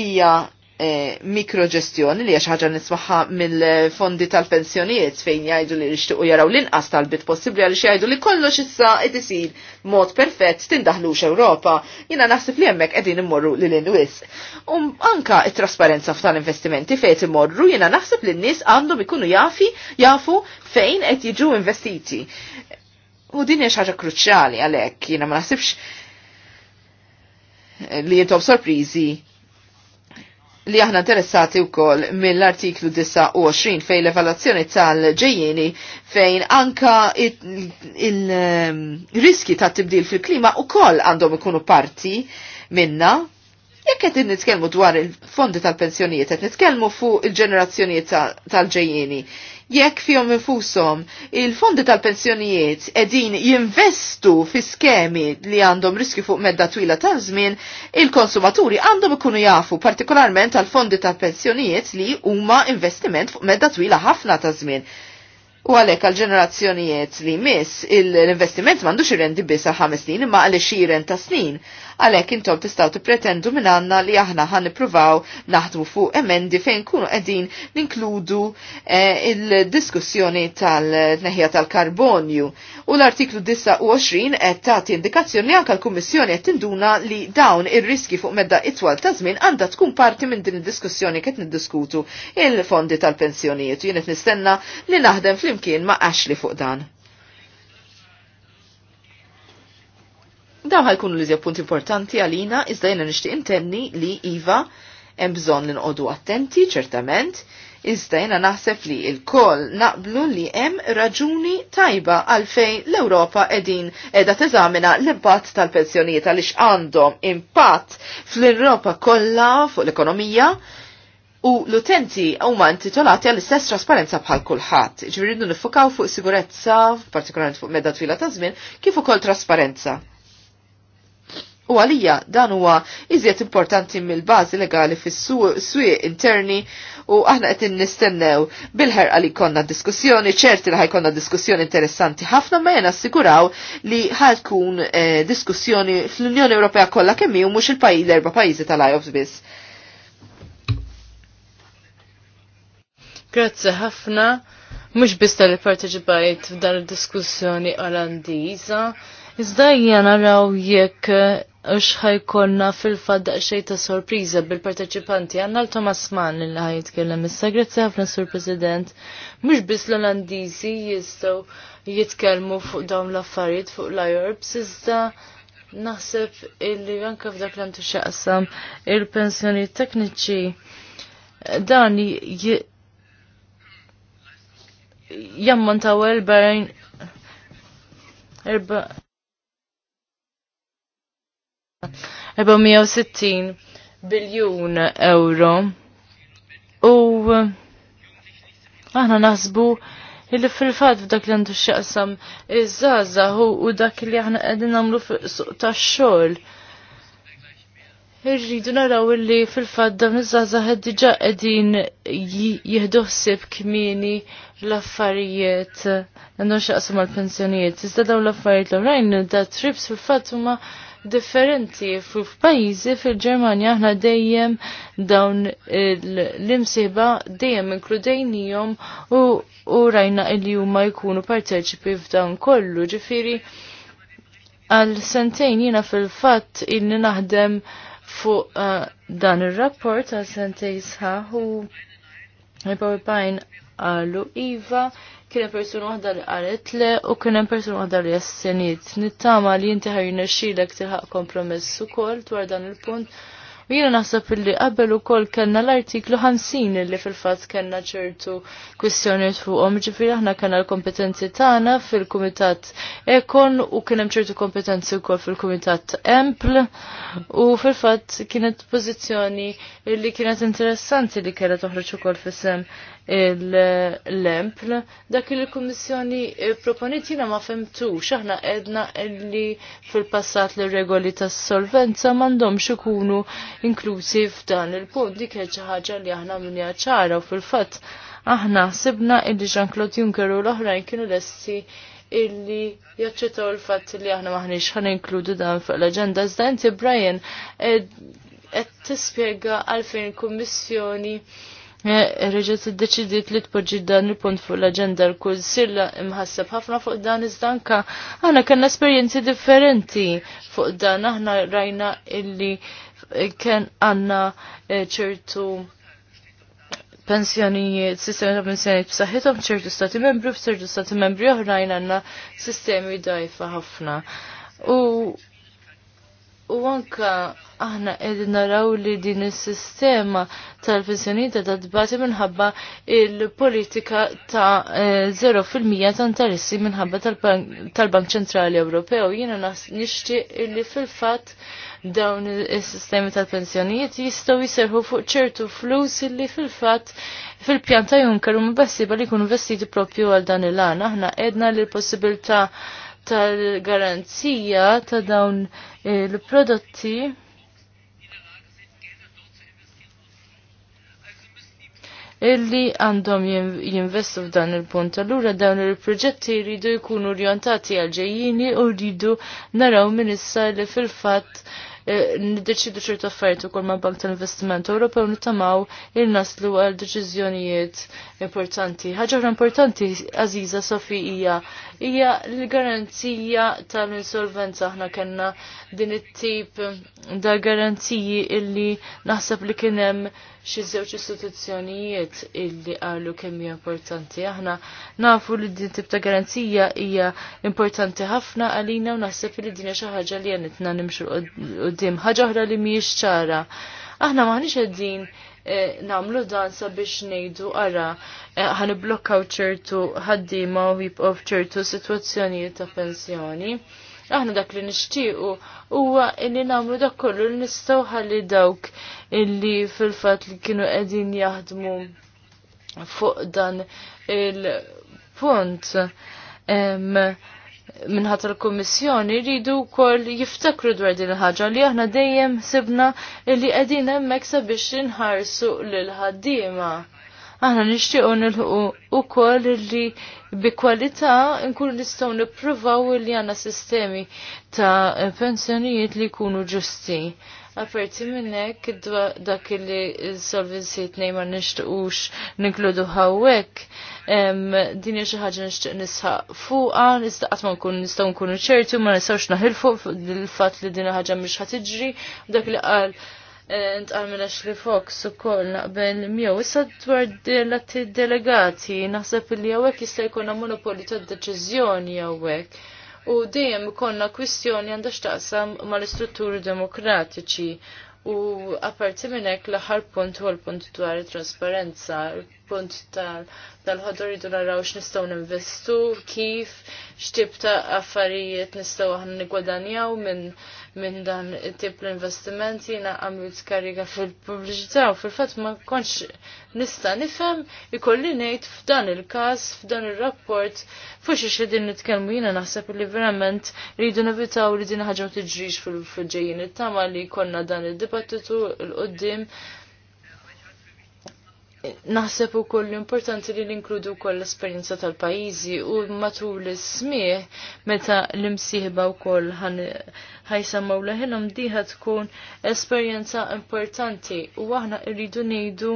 hija E, mikroġestjoni li għax ħaġa nismaħħa mill-fondi tal-pensjonijiet fejn jgħidu li rixtiqu jaraw l-inqas tal-bit possibli għaliex jgħidu li kollox issa qed isir mod perfett tindaħlux Ewropa. Jiena naħseb li hemmhekk qegħdin immorru lil inwis. Um anka t-trasparenza f'tal investimenti fejn imorru jiena naħseb li n-nies għandhom ikunu jafi jafu fejn qed jiġu investiti. U din hija ħaġa kruċjali għalhekk jiena ma naħsibx li jintom sorprizi li aħna interessati wkoll mill-artiklu 29 fejn l-evaluazzjoni tal-ġejjeni fejn anka il-riski ehm, ta' tibdil fil-klima koll għandhom ikunu parti minna. Jekk qed nitkellmu dwar il-fondi tal-pensjonijiet qed nitkellmu fuq il-ġenerazzjonijiet tal-ġejjeni. tal ġejjini tal ġejjeni jekk fihom infushom il-fondi tal-pensjonijiet edin jinvestu fi skemi li għandhom riski fuq medda twila ta' żmien, il-konsumaturi għandhom ikunu jafu partikolarment għal fondi tal-pensjonijiet li huma investiment fuq medda twila ħafna ta' żmien. U għalek għal-ġenerazzjonijiet li miss, l-investiment mandux irrendi bis għal ħames snin imma għal xiren ta' snin għalhekk intom tistgħu pretendu minn għanna li aħna ħan nippruvaw naħdmu fuq emendi fejn kunu qegħdin ninkludu eh, il-diskussjoni tal-neħja tal-karbonju. U l-artiklu 29 qed tagħti indikazzjoni anke l-Kummissjoni qed tinduna li dawn ir-riski fuq medda itwal ta' żmien għandha tkun parti minn din id-diskussjoni qed niddiskutu il-fondi tal-pensjonijiet. Jien qed nistenna li naħdem flimkien ma' Ashley fuq dan. Daw ħajkunu li punt importanti għalina, iżda jena nishtiq intenni li Iva hemm bżonn li attenti, ċertament, iżda jena naħseb li il-koll naqblu li hemm raġuni tajba għalfej l-Ewropa edin edha teżamina l-impatt tal-pensjonijiet għaliex għandhom impatt fl-Ewropa kollha fuq l-ekonomija, U l-utenti huma intitolati għall-istess trasparenza bħal kulħadd. Ġifieri nifukaw fuq sigurezza, partikolarment fuq medda twila ta' żmien, kif ukoll trasparenza. U għalija dan huwa iżjed importanti mill-bażi legali fis-swieq interni u aħna qed nistennew bil-ħerqa li konna diskussjoni, ċerti li ħajkonna diskussjoni interessanti ħafna ma jena assikuraw li ħalkun eh, diskussjoni fl-Unjoni Ewropea kollha kemm u mhux il-pajjiż l-erba' pajjiżi tal-IOPS biss.
Grazzi ħafna, mhux biss tal-li parteċipajt f'dan id-diskussjoni Olandiża, iżda jena naraw jekk xħajkonna fil-fad xej ta' sorpriza bil-parteċipanti. Għanna l-Thomas Mann li jitkellem. Issa grazzi ħafna sur President. Mux bis l-Olandizi jistaw jitkellmu fuq dawn l-affarijiet fuq l-Ajorb, sizda naħseb illi għanka f'dak l xaqsam il-pensjoni tekniċi dan jammontaw il-berajn erba' 460 biljun euro u aħna naħsbu illi fil-fat f'dak li għandu xaqsam iż-żaza u dak li aħna qegħdin nagħmlu suq tax-xogħol. Irridu naraw illi fil-fat dawn iż-żaza ħed diġà qegħdin jieħdu ħsieb kmieni l-affarijiet għandu xaqsam għal pensjonijiet Iżda dawn l-affarijiet l-orajn da trips fil-fatt huma differenti. F'pajjiżi fil-Ġermanja aħna dejjem dawn l-imsiba dejjem inkludejnijom u, u rajna li huma jkunu parteċipi f'dawn kollu. Ġifieri għal sentejn jiena fil-fatt illi naħdem fuq uh, dan ir-rapport għal sentejn sħaħ u PowerPoint għallu Iva kien persuna waħda li qalet le u kien hemm persuna waħda li jasseniet. Nittama li inti ħajna xilek tilħaq kompromess ukoll dwar dan il-punt. U jiena naħseb illi qabel ukoll kellna l-artiklu ħansin li fil-fatt kellna ċertu kwistjonijiet fuqhom, ġifieri aħna kellna l-kompetenzi tagħna fil-kumitat Ekon u kien hemm ċertu kompetenzi wkoll fil-kumitat Empl u fil-fatt kienet pożizzjoni li kienet interessanti li kellha toħroġ ukoll fil sem l lemp dak il-Kummissjoni eh, proponiet jina ma femtu, xaħna edna illi fil-passat l regoli tas solvenza mandom ikunu inklusi f'dan il-punt, dik ħaġa li aħna minja ċara u fil-fat aħna sibna illi Jean-Claude Juncker u l-oħrajn kienu lesti illi jaċċettaw il-fatt li aħna maħniex ħan inkludu dan fuq l-agenda. Zda inti Brian, qed tispjega għalfejn il-Kummissjoni reġet id-deċidiet li tpoġġi dan il-punt fuq l-agenda l-kull sirla imħasseb ħafna fuq dan iżdanka. Aħna kellna esperjenzi differenti fuq dan aħna rajna illi kien għanna eh, ċertu pensjonijiet, sistemi ta' pensjonijiet b'saħħithom ċertu stati membri, f'ċertu stati membri oħrajn għandna sistemi dajfa ħafna. U u anka aħna qegħdin naraw li din is-sistema tal pensjonijiet ta' dbati minħabba il-politika ta' 0% e, ta' interessi minħabba tal-Bank Ċentrali Ewropew. Jiena nixtieq li fil-fatt dawn is-sistemi tal-pensjonijiet jistgħu jiserħu fuq ċertu flus li fil-fatt fil-pjan ta' Juncker u mbassiba li jkunu vestiti propju għal dan il-għan. Aħna qedna li l-possibilità tal-garanzija ta' dawn il-prodotti illi għandhom jinvestu f'dan il-punt. Allura dawn il-proġetti jridu jkunu orjentati għal-ġejjini u rridu naraw minn issa li fil-fatt eh, niddeċidu ċertu affarijiet ukoll ma' Bank tal-Investiment Ewropew nittamaw il naslu għal deċiżjonijiet importanti. Ħaġa importanti Aziza Sofi hija hija l-garanzija tal-insolvenza aħna kellna din it-tip da' garanziji illi naħseb li kien hemm xi żewġ istituzzjonijiet illi qalu kemm hija importanti. Aħna nafu li din tip ta' garanzija hija importanti ħafna għalina u naħseb li din xi ħaġa li għanitna nimxu quddiem ħaġa oħra li mhijiex ċara. Aħna maħniex qegħdin eh, namlu dan sabiex nejdu ara eh, blokkaw ċertu ħaddima u jibqgħu ċertu sitwazzjonijiet ta' pensjoni aħna dak li nixtiequ huwa li nagħmlu dak kollu li nistgħu ħalli dawk illi fil-fatt li kienu qegħdin jaħdmu fuq dan il-punt minħat l kummissjoni rridu wkoll jiftakru dwar din il-ħaġa li aħna dejjem sibna li qegħdin hemmhekk sabiex inħarsu lil ħaddiema aħna nixtiequ nilħu ukoll li bi kwalità nkunu nistgħu nippruvaw li għandna sistemi ta' pensjonijiet li jkunu ġusti. Aperti minnek, dak li solvency t ma nishtuqux ninkludu għawek, dinja xi ħaġa nixtieq nisħaq fuqha, nista' qatt ma nkun nistgħu nkunu ċerti ma nistgħux naħilfu fil fatt li din ħaġa mhix ħatiġri, dak li qal ntqal minn Ashley Fox ukoll naqbel miegħu. Issa dwar delegati naħseb li hawnhekk jista' jkun monopolju tad-deċiżjoni hawnhekk. U dejjem ikollna kwistjoni għandha x'taqsam mal-istrutturi demokratiċi U apparti minn hekk l-aħħar punt huwa l-punt dwar it-trasparenza punt tal ħodur jidu naraw x'nistgħu ninvestu, kif, x-tip ta' affarijiet nistgħu aħna nigwadanjaw minn minn dan it-tip l-investiment jiena għamilt kariga fil-pubbliċità u fil-fatt ma kontx nista' nifhem ikolli ngħid f'dan il-każ f'dan ir-rapport fuq xi xedin nitkellmu jiena naħseb li verament rridu nevitaw li din ħaġa t tiġrix fil-ġejjin it-tama li konna dan id-dibattitu l qoddim naħseb u koll importanti li l-inkludu koll l-esperienza tal-pajizi u matul l-smieħ meta l-imsiħba u koll ħajsammaw leħilom diħa tkun esperienza importanti u aħna rridu nejdu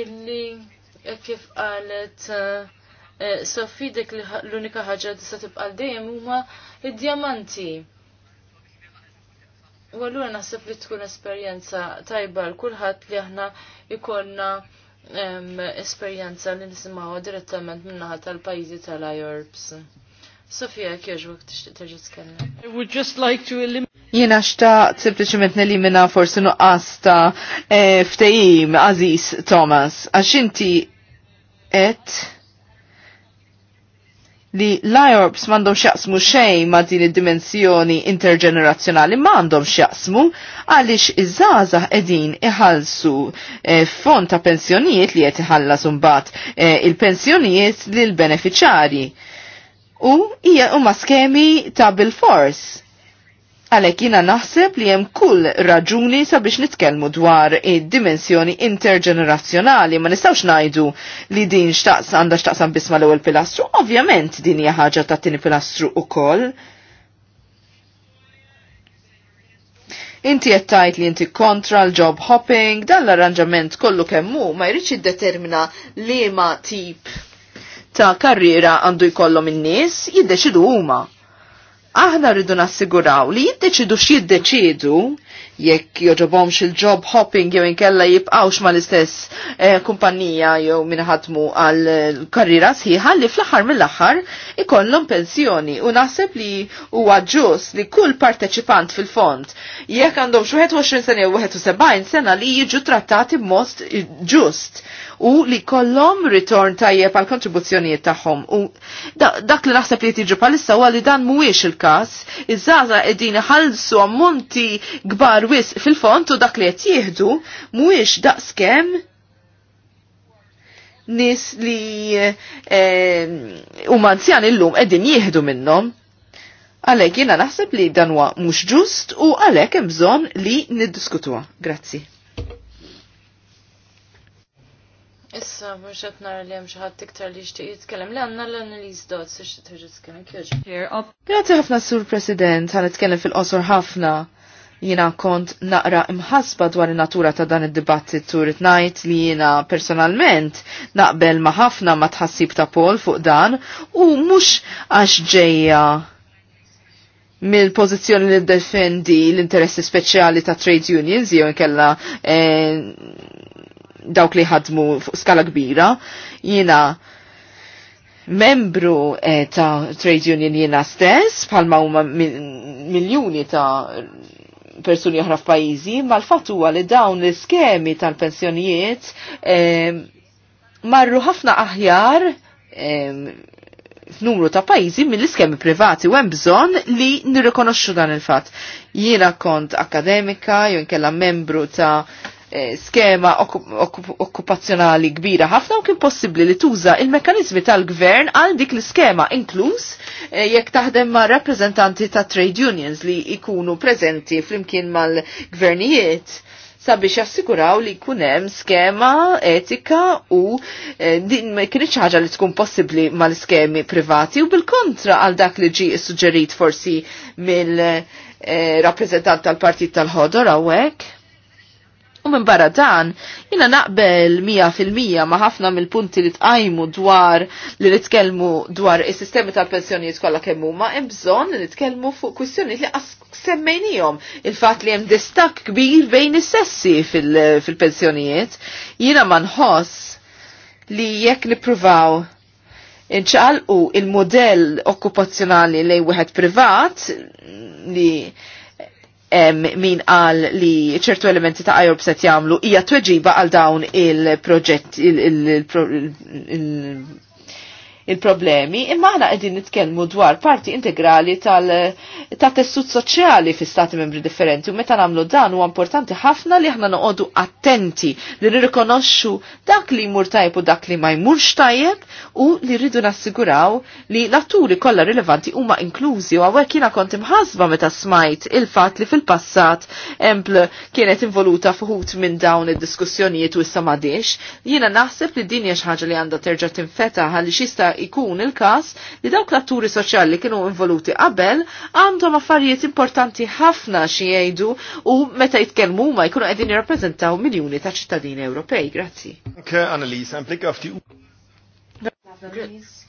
illi kif qalet eh, sofidek dik l-unika ħaġa tista' tibqa' dejjem huma id-djamanti għallura naħseb li tkun esperjenza tajba l kulħadd li aħna ikonna esperjenza li nisimgħu direttament minnaħat tal-pajjiżi tal ajorbs Sofija, kieġbuk tixtieq t tkellem. I would just like to
Jiena xta' sempliċement nelimina forsi nuqqas ta' eh, ftehim Aziz Thomas għax inti qed li l-IORPS mandom xjaqsmu xej ma din id-dimensjoni interġenerazzjonali mandom xjaqsmu għalix iż-żaza edin iħalsu e, eh, fond ta' pensjonijiet li qed iħallas imbagħad e, eh, il-pensjonijiet lil beneficjari U hija huma skemi ta' bil-fors Għalek jina naħseb li jem kull raġuni sabiex nitkelmu dwar id-dimensjoni interġenerazzjonali, ma nistawx najdu li din xtaqs għanda xtaqsan bisma l-ewel pilastru, ovvjament din hija ħaġa ta' tini pilastru u koll. Inti jettajt li inti kontra l-job hopping, dan l-arranġament kollu kemmu ma jridx jiddetermina li ma tip ta' karriera għandu jkollhom in-nies jiddeċidu huma Aħna rridu nassiguraw li jiddeċidu x'jiddeċidu jekk joġobomx il-job hopping jew inkella jibqawx ma l-istess eh, kumpanija jew minħatmu għal eh, karriera sħiħa li fl-aħħar mill-aħħar ikollhom pensjoni u naħseb li huwa ġust li kull parteċipant fil-fond jekk għandhom xi 21 sena jew 71 sena li jiġu trattati b'mod ġust u li kollom ritorn tajjeb għal kontribuzzjonijiet tagħhom. U dak li naħseb li tiġu palissa huwa li dan mhuwiex il-każ, iż-żaża qegħdin iħallsu ammonti kbar wis fil-font u dak li qed jieħdu mhuwiex daqskemm nis li eh, u manzjan illum qegħdin jieħdu minnhom. Għalek jena naħseb li dan huwa mhux ġust u għalek hemm bżonn li niddiskutuha. Grazzi.
Issa, mux għet nara li hemm xi ħadd iktar li jixtieq jitkellem. Le għandna l-analiz dot se xi terġa' tkellem
Grazzi ħafna Sur President, ħan nitkellem fil-qosor ħafna. Jiena kont naqra imħasba dwar in-natura ta' dan id-dibattitu rid ngħid li jiena personalment naqbel ma' ħafna ma' tħassib ta' Pol fuq dan u mhux għax ġejja mill-pożizzjoni li defendi l-interessi speċjali ta' trade unions jew inkella eh, dawk li ħadmu fuq skala kbira. Jina membru eh, ta' trade union jiena stess, palma huma miljoni ta' persuni oħra f'pajjiżi, ma l-fatt huwa li dawn l-iskemi tal-pensjonijiet eh, marru ħafna aħjar eh, f'numru ta' pajjiżi mill-iskemi privati u hemm bżonn li nirrikonoxxu dan il-fatt. Jiena kont akademika, jew inkella membru ta' E, skema okkupazzjonali kbira ħafna u kien possibbli li tuża il-mekkanizmi tal-gvern għal dik l-skema inkluż e, jekk taħdem ma' rappreżentanti ta' trade unions li jkunu prezenti flimkien mal-gvernijiet sabiex jassikuraw li kunem skema etika u e, din ma kienx ħaġa li tkun possibbli mal-skemi privati u bil-kontra għal dak li ġi suġġerit forsi mill eh, rappresentant tal-partit tal-ħodor għawek. U minn barra dan, jina naqbel 100% ma ħafna mill-punti li tqajmu dwar li nitkellmu dwar is-sistemi tal-pensjonijiet kollha kemm huma hemm bżonn li nitkellmu fuq kwistjonijiet li semmenijom il-fatt li hemm distak kbir bejn is-sessi fil-pensjonijiet. Jina ma nħoss li jekk nippruvaw inċalqu il-modell okkupazzjonali li wieħed privat li min qal li ċertu elementi ta' IORP set jagħmlu hija tweġiba għal dawn il-proġett il-, -proġett, il-problemi, imma aħna qegħdin nitkellmu dwar parti integrali tal-tessut soċjali fi stati membri differenti u meta nagħmlu dan huwa importanti ħafna li aħna noqogħdu attenti li nirrikonoxxu dak li jmur tajjeb u dak li ma jmurx tajjeb u li rridu nassiguraw li l-atturi kollha rilevanti huma inklużi u għawek jiena kont imħasba meta smajt il-fatt li fil-passat Empl kienet involuta fuħut minn dawn id-diskussjonijiet u s m'għadix, jiena naħseb li din hija xi ħaġa li għandha terġa' timfeta għaliex xista ikun il-kas li dawk l-atturi soċjali kienu involuti qabel għandhom affarijiet importanti ħafna xi jgħidu u meta jitkellmu ma jkunu qegħdin jirrappreżentaw miljuni ta' ċittadini Ewropej. Grazzi. Anke għafti.
Grazzi.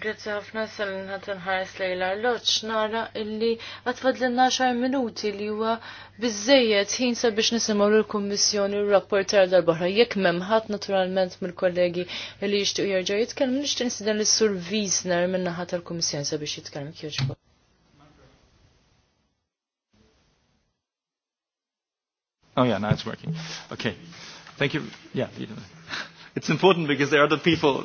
Grazie a sal-inħat nħares lejla Leila loċ nara illi għatfad l-12 minuti li huwa bizzejiet ħin sabiex nisimaw l-Kommissjoni u rapporter dal-barra. Jekk memħat naturalment mill-kollegi li jishtiq jirġaw jitkellmu, nishtiq nisidan l-Sur Wiesner minnaħat tal-Kommissjoni sabiex jitkellmu kjoġbu.
Oh
yeah, now it's working. Okay. Thank you. Yeah, *laughs* it's important because there are other people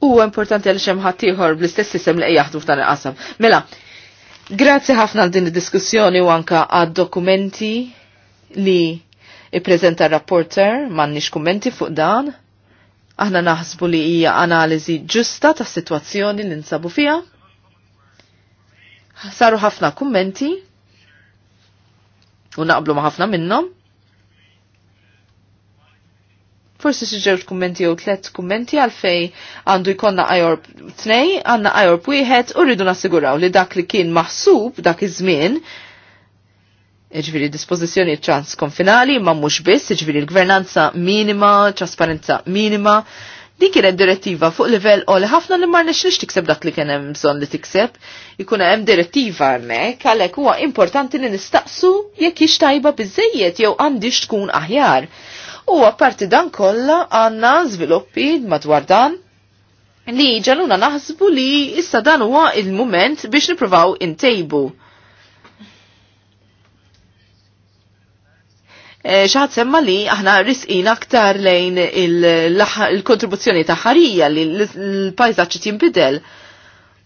huwa importanti għal xemħat ieħor bl-istess sistem li jaħdmu f'dan il-qasam. Mela, grazzi ħafna għal din id-diskussjoni u anka għad dokumenti li i-prezenta rapporter m'għandniex kummenti fuq dan. Aħna naħsbu li hija analiżi ġusta tas sitwazzjoni li nsabu fiha. Saru ħafna kummenti u naqblu ma' ħafna minnhom. Forsi xġewġ kummenti jew tlet kummenti għalfej għandu jkonna IORP 2, għanna IORP 1 u rridu nassiguraw li dak li kien maħsub dak iż-żmien iġviri dispozizjoni konfinali, ma mux biss, iġviri l-gvernanza minima, trasparenza minima, Din kienet direttiva fuq livell li ħafna li mar nix tikseb dak li kienem bżon li tikseb. Ikun hemm direttiva hemmhekk għalhekk huwa importanti li nistaqsu jekk hix tajba jew għandix tkun aħjar. U apparti dan kollha għandna żviluppi madwar dan li ġaluna naħsbu li issa dan huwa il-moment biex nippruvaw intejbu. ċaħat e, semma li aħna risqin aktar lejn il-kontribuzzjoni ta' ħarija li l-pajzaċ tinbidel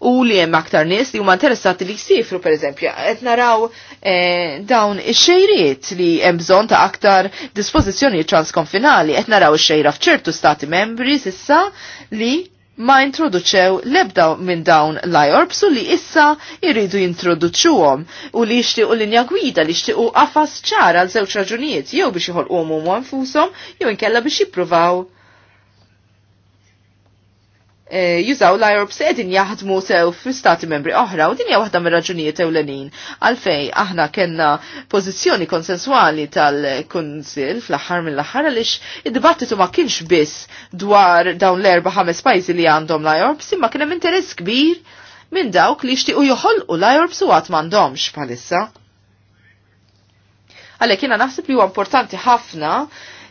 u li hemm aktar nies li huma interessati li jsifru pereżempju. Qed naraw eh, dawn ix-xejriet li hemm bżonn ta' aktar dispożizzjonijiet transkonfinali, qed naraw ix-xejra f'ċertu stati membri sissa li ma introduċew lebda minn dawn l-IORPS u li issa irridu jintroduċuhom u li jixtiqu linja gwida li jixtiqu qafas ċara l żewġ raġunijiet jew biex jħolquhom huma nfushom jew inkella biex jippruvaw Eh, jużaw l-IROP se edin jaħdmu sew fl-stati membri oħra u din hija waħda mir-raġunijiet ewlenin għalfej aħna kellna pożizzjoni konsensuali tal-Kunsil fl-aħħar mill-aħħar għaliex id-dibattitu ma kienx biss dwar dawn l-erba' ħames pajjiżi li għandhom l-IROP imma kien hemm interess kbir minn dawk li jixtiequ joħolqu l-IROP su għad m'għandhomx bħalissa. Għalhekk jiena naħseb li huwa importanti ħafna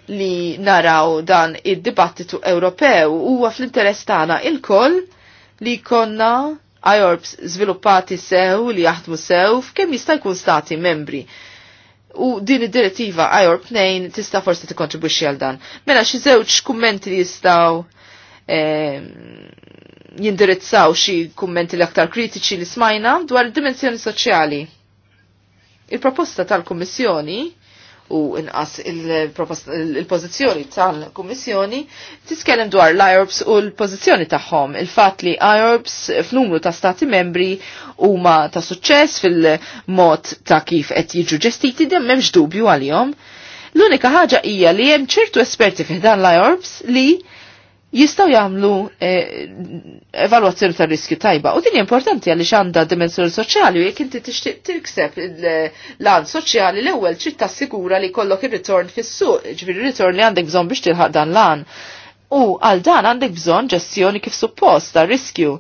li naraw dan id-dibattitu Ewropew huwa fl-interess tagħna il-koll li konna IORPS żviluppati sew li jaħdmu sew f'kemm jista' jkun stati membri. U din id-direttiva IORP 2 tista' forsi tikkontribwixxi għal dan. Mela xi żewġ kummenti li jistgħu eh, jindirizzaw xi kummenti l-aktar kritiċi li smajna dwar id-dimensjoni soċjali. Il-proposta tal-Kummissjoni u inqas il-pozizjoni tal-Kummissjoni tiskellem dwar l-IORPS u l-pozizjoni tagħhom. Il-fatt li IORPS f'numru ta' stati membri huma ta' suċċess fil-mod ta' kif qed jiġu ġestiti dem m'hemmx dubju għalihom. L-unika ħaġa hija li hemm ċertu esperti fih dan l-IORPS li jistaw jagħmlu eh, evalwazzjoni tar riski tajba. U din importanti għaliex għandha dimensjoni soċjali u jekk inti tixtieq tikseb l-għan soċjali l-ewwel trid tassigura li jkollok ir-ritorn fis-suq, ġifieri ritorn li għandek bżonn biex tilħaq dan l-għan. U għal dan għandek bżonn ġestjoni kif suppost tar riskju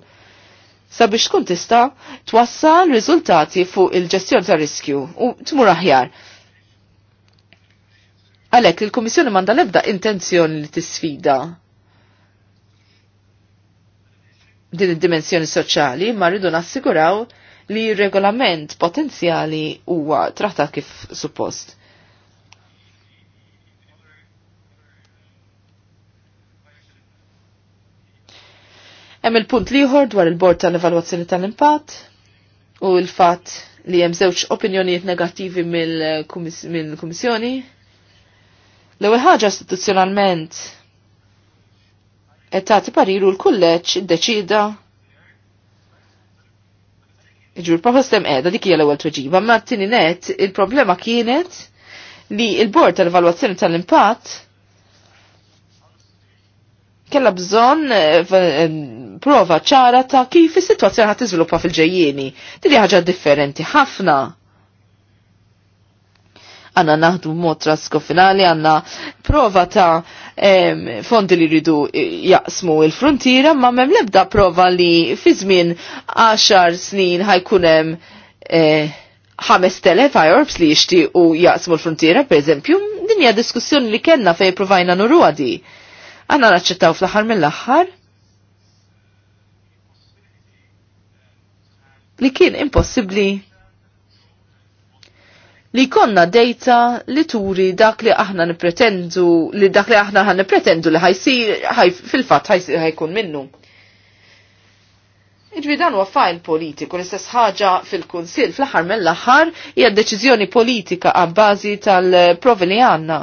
sabiex tkun tista twassal riżultati fuq il-ġestjoni ta' riskju u tmur aħjar. Għalek, il-Komissjoni manda lebda intenzjoni li tisfida din id-dimensjoni soċjali, ma rridu nassiguraw li regolament potenzjali huwa trattat kif suppost. Hemm il-punt liħor dwar il-bord tal-evalwazzjoni tal-impatt u l-fatt li hemm żewġ opinjonijiet negattivi mill-Kummissjoni. L-ewwel ħaġa istituzzjonalment qed tagħti pariru l-kulleġġ iddeċida Ġur, paħostem edha dik hija l-ewwel tweġiba, ma t-tieni net il-problema kienet li il-bord tal-evalwazzjoni tal-impatt kella bżonn eh, prova ċara ta' kif is-sitwazzjoni ħad tiżviluppa fil-ġejjieni. Dili ħaġa differenti ħafna għanna naħdu mod finali, għanna prova ta' fondi li ridu jaqsmu il-frontiera, ma' mem lebda prova li fi żmien 10 snin ħajkunem eh, 5.000 IORPS li u jaqsmu l-frontiera, per eżempju, dinja diskussjoni li kena fej provajna nurru għadi. Għanna naċċettaw fl-ħar mill-ħar, li kien impossibli li konna dejta li turi dak li aħna nipretendu li dak li aħna ħan nipretendu li ħajsir ħaj fil-fatt ħajsir ħajkun minnu. Iġbi dan huwa fajl politiku l-istess ħaġa fil-Kunsill fl-aħħar mill-aħħar hija deċiżjoni politika għabbażi tal-provi li għandna.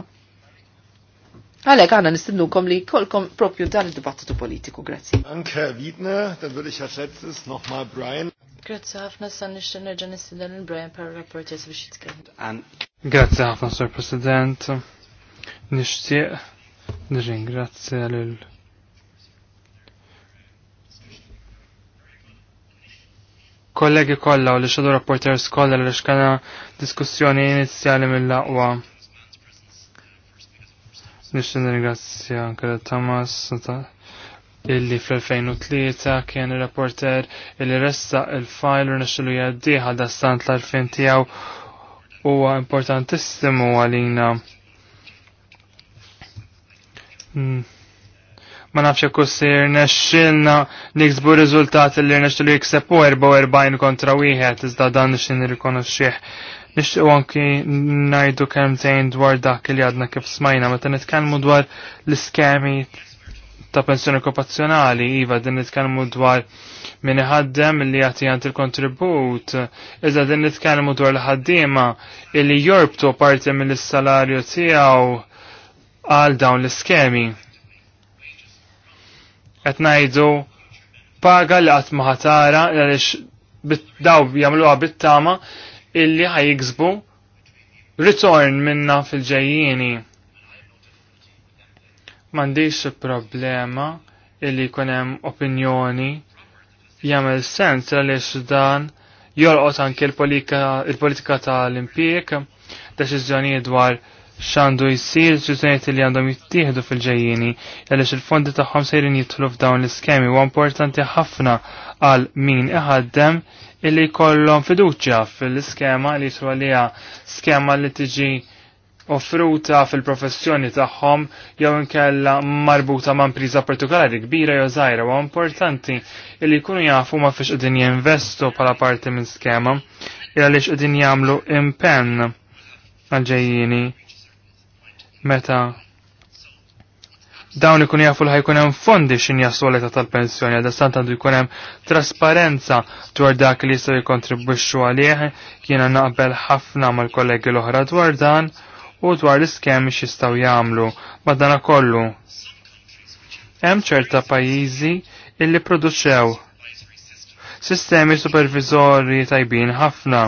Għalek għanna nistidnukom li kolkom propju dan il-dibattitu politiku, grazzi. Anke
Wiedner, dan würde ich als letztes nochmal
Brian. Grazzi ħafna san nixtieq nerġa' nistieden il Brian par rapporters biex jitkellem. Grazzi ħafna
Sur President. Nixtieq nirringrazzja lil kollegi kollha u li xadu rapporters kollha li xkana diskussjoni inizjali mill-aqwa. Nixtieq nirringrazzja anke Thomas ta' illi fl-2003 kien il-rapporter illi resta il-fajl u naxilu jaddiħa da stant l-2000 tijaw u importantissimu għalina. Hmm. Ma nafx jekk naxilna nexxilna niksbu riżultat li naxilu jiksepu 44 kontra wieħed iżda dan nixin nirrikonoxxih. Nixtieq anki ngħidu kemm dwar dak li għadna kif smajna meta nitkellmu dwar l-iskemi ta' pensjoni okkupazzjonali, iva din nitkellmu dwar min iħaddem li jagħti għand il-kontribut, iżda din nitkellmu dwar l-ħaddiema illi jorbtu parti mill-salarju tiegħu għal dawn l-iskemi. Qed ngħidu paga li qatt ma ħatara għaliex daw jagħmluha bit-tama illi ħajjiksbu ritorn minna fil-ġejjieni M'għandix problema illi jkun hemm opinjoni jagħmel sens għaliex dan jolqot anke il politika tal-impjek, deċiżjonijiet dwar xandu jisir ġizuniet li għandhom jittieħdu fil-ġejjini, għalix il-fondi tagħhom sejrin jidħlu f'dawn l-iskemi u importanti ħafna għal min iħaddem illi jkollhom fiduċja fil-iskema li jitru għalija skema li tiġi offruta fil-professjoni tagħhom jew inkella marbuta ma' impriża partikolari kbira jew żgħira u importanti li jkunu jafu ma fiex qegħdin jinvestu bħala parti minn skema għaliex qegħdin jagħmlu impenn għal ġejjini. meta dawn ikun jafu li ħajkun hemm fondi x'in jaslu l tal-pensjoni għal dastant għandu jkun hemm trasparenza dwar dak li jistgħu jikkontribwixxu għalih jiena naqbel ħafna mal-kollegi l-oħra dwar dan u dwar l-iskemi xistaw jamlu madana kollu. Hemm ċerta pajjiżi illi produċew sistemi supervizori tajbin ħafna.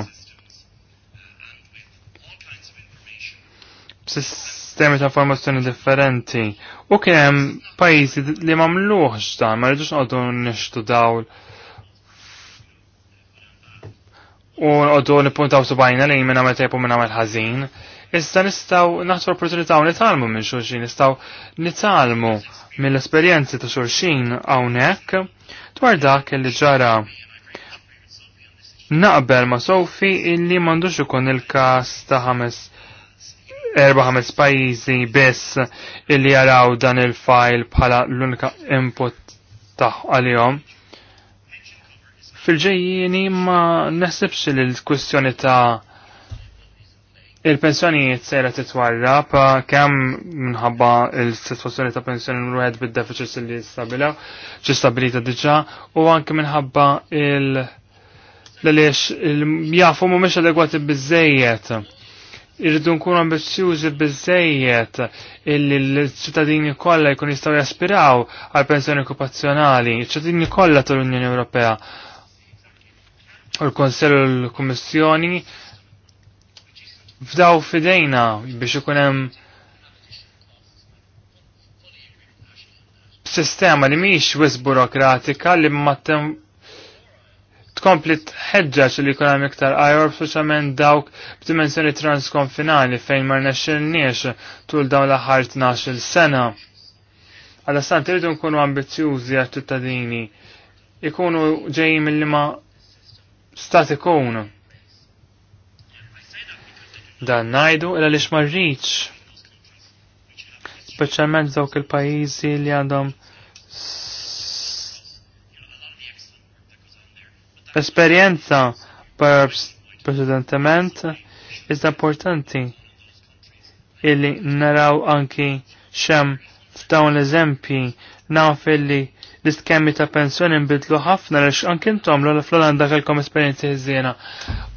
Sistemi ta' informazzjoni differenti u kien pajjiżi li mamluħx dan ma rridux noqogħdu nixtu dawl u nqogħdu nippuntaw subajna li minn għamel tajpu minn għamel ħażin Iżda nistgħu naħtu opportunità u nitalmu minn xulxin, nistgħu nitalmu mill-esperjenzi ta' xulxin hawnhekk dwar dak li ġara naqbel ma' Sofi illi m'għandux ikun il-każ ta' ħames erba ħames pajjiżi biss illi jaraw dan il-fajl bħala l-unika input taħ għalihom fil-ġejjini ma nasibx li l ta' Il-pensjonijiet sejra titwarrab eh, kemm minħabba il-sitwazzjoni ta' pensjoni wieħed bid deficit li stabila, ċi stabilita diġà, u anke minħabba il- l-għaliex jafu mhumiex adegwati bizzejiet. Irridu nkunu ambizzjużi bizzejiet illi l-ċittadini kollha jkun jistgħu jaspiraw għal pensjoni okupazzjonali, ċittadini kollha tal-Unjoni Ewropea. U l-Konsell u l-Kummissjoni fdaw fidejna biex ikun hemm sistema li mhix wis burokratika li ma tkompli tħeġġaġ li jkun hemm iktar ajor speċjalment dawk b'dimensjoni transkonfinali fejn ma rnexxilniex tul dawn l-aħħar 12-il sena. Għal-assant irridu nkunu ambizzjużi għat tittadini ikunu ġejjin mill-li ma stat ikunu dan najdu illa lix marriċ. Speċjalment dawk il-pajjiżi li għandhom esperjenza precedentement iżda importanti illi naraw anki xem f'dawn l-eżempji naf illi l-iskemmi ta' pensjoni nbidlu ħafna lex anki intom l flolanda olanda esperienzi esperjenzi ħżiena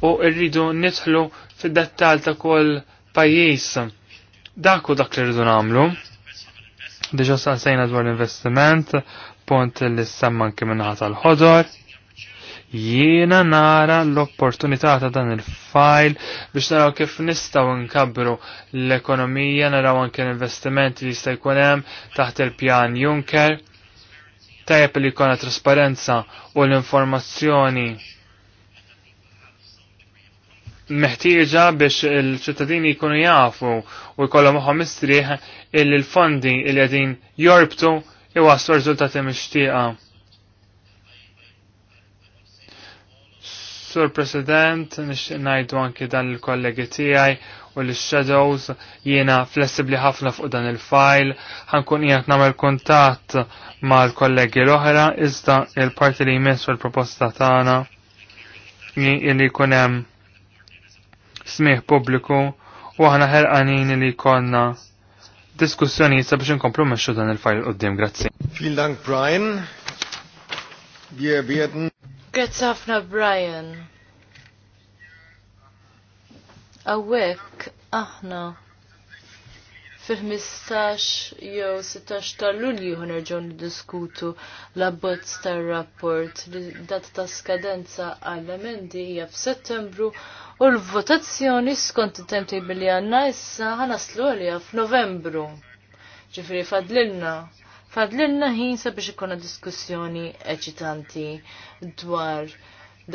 u rridu nidħlu fid-dettal ta' kol pajjiż. Dak u dak li rridu nagħmlu. Diġa sejna dwar l-investiment, pont li semman kim minnaħa tal-ħodor. Jiena nara l-opportunità ta' dan il-fajl biex naraw kif nistaw nkabru l-ekonomija, naraw anke l-investimenti li jista' jkun hemm taħt il-pjan Juncker. Tajjeb li jkollna trasparenza u l-informazzjoni meħtieġa biex il-ċittadini jkunu jafu u jkollhom moħħom mistrieħ il l-fondi li qegħdin jorbtu iwaslu riżultati mixtieqa. Sur President, nixtieq ngħidu anki dan il-kollegi tiegħi u l-shadows jiena flessibli ħafna fuq dan il-fajl, ħankun jgħat namel kontatt mal kollegi l-oħra, iżda il-parti li jmessu l-proposta tagħna li jkun hemm smieħ pubbliku u aħna ħerqanin li konna diskussjoni sabiex inkomplu meċu dan il-fajl qoddim,
grazzi. Vielen Dank, Brian. Wir werden.
Grazzi ħafna, Brian. Awek, aħna. Fil-15 jew 16 ta' Lulju ħanerġgħu niddiskutu l-abbozz tar-rapport li data ta' skadenza għall-emendi hija f'Settembru u l-votazzjoni skont il-timetable li għanna issa ħanaslu għalija f'Novembru. Ġifri fadlilna. Fadlilna ħin sabiex ikonna diskussjoni eċitanti dwar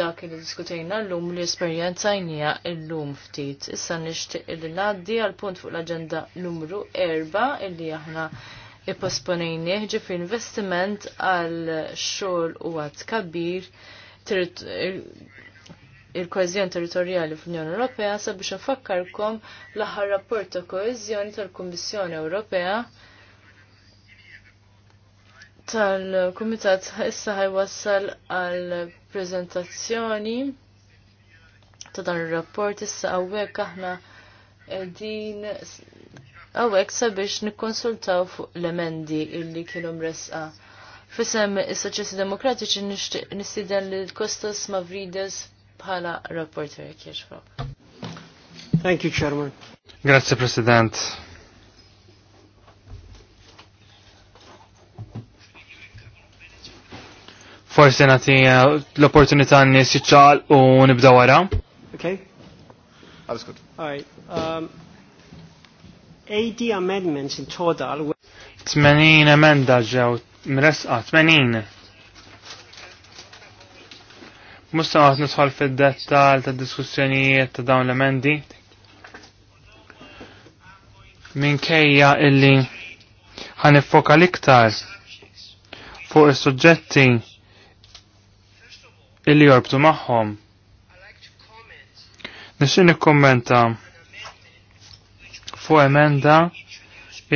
dak li diskutejna l-lum li jnija l-lum ftit. Issa nishtiq il naddi għal punt fuq l-agenda numru 4 illi aħna i-posponejni ġifri investiment għal xol u għad kabir il-kohezjon territorjali fl-Unjoni Ewropea sabiex nfakkarkom l-aħħar rapport ta' kohezjoni tal-Kummissjoni Ewropea tal-Kumitat issa ħajwassal għal prezentazzjoni ta' dan ir-rapport issa hawnhekk aħna din hawnhekk sabiex nikkonsultaw fuq l-emendi illi kienu mresqa. Fisem is-Soċjesti Demokratiċi nistieden li Kostas Mavrides bħala rapporter kieġbok.
Thank you, Chairman.
Grazie, President. Forse nati eh, l-opportunità n-nis jitxal u nibda wara.
Ok. Alles gut. All right. Um, 80 amendments in total.
80 amendments ġew, mresqa 80 Musta għat nisħol fil-dettal ta' diskussjonijiet ta' dawn l-emendi. Min kejja illi ħanifoka liktar fuq is-suġġetti illi jorbtu maħħom. Nixin nikkommenta fuq emenda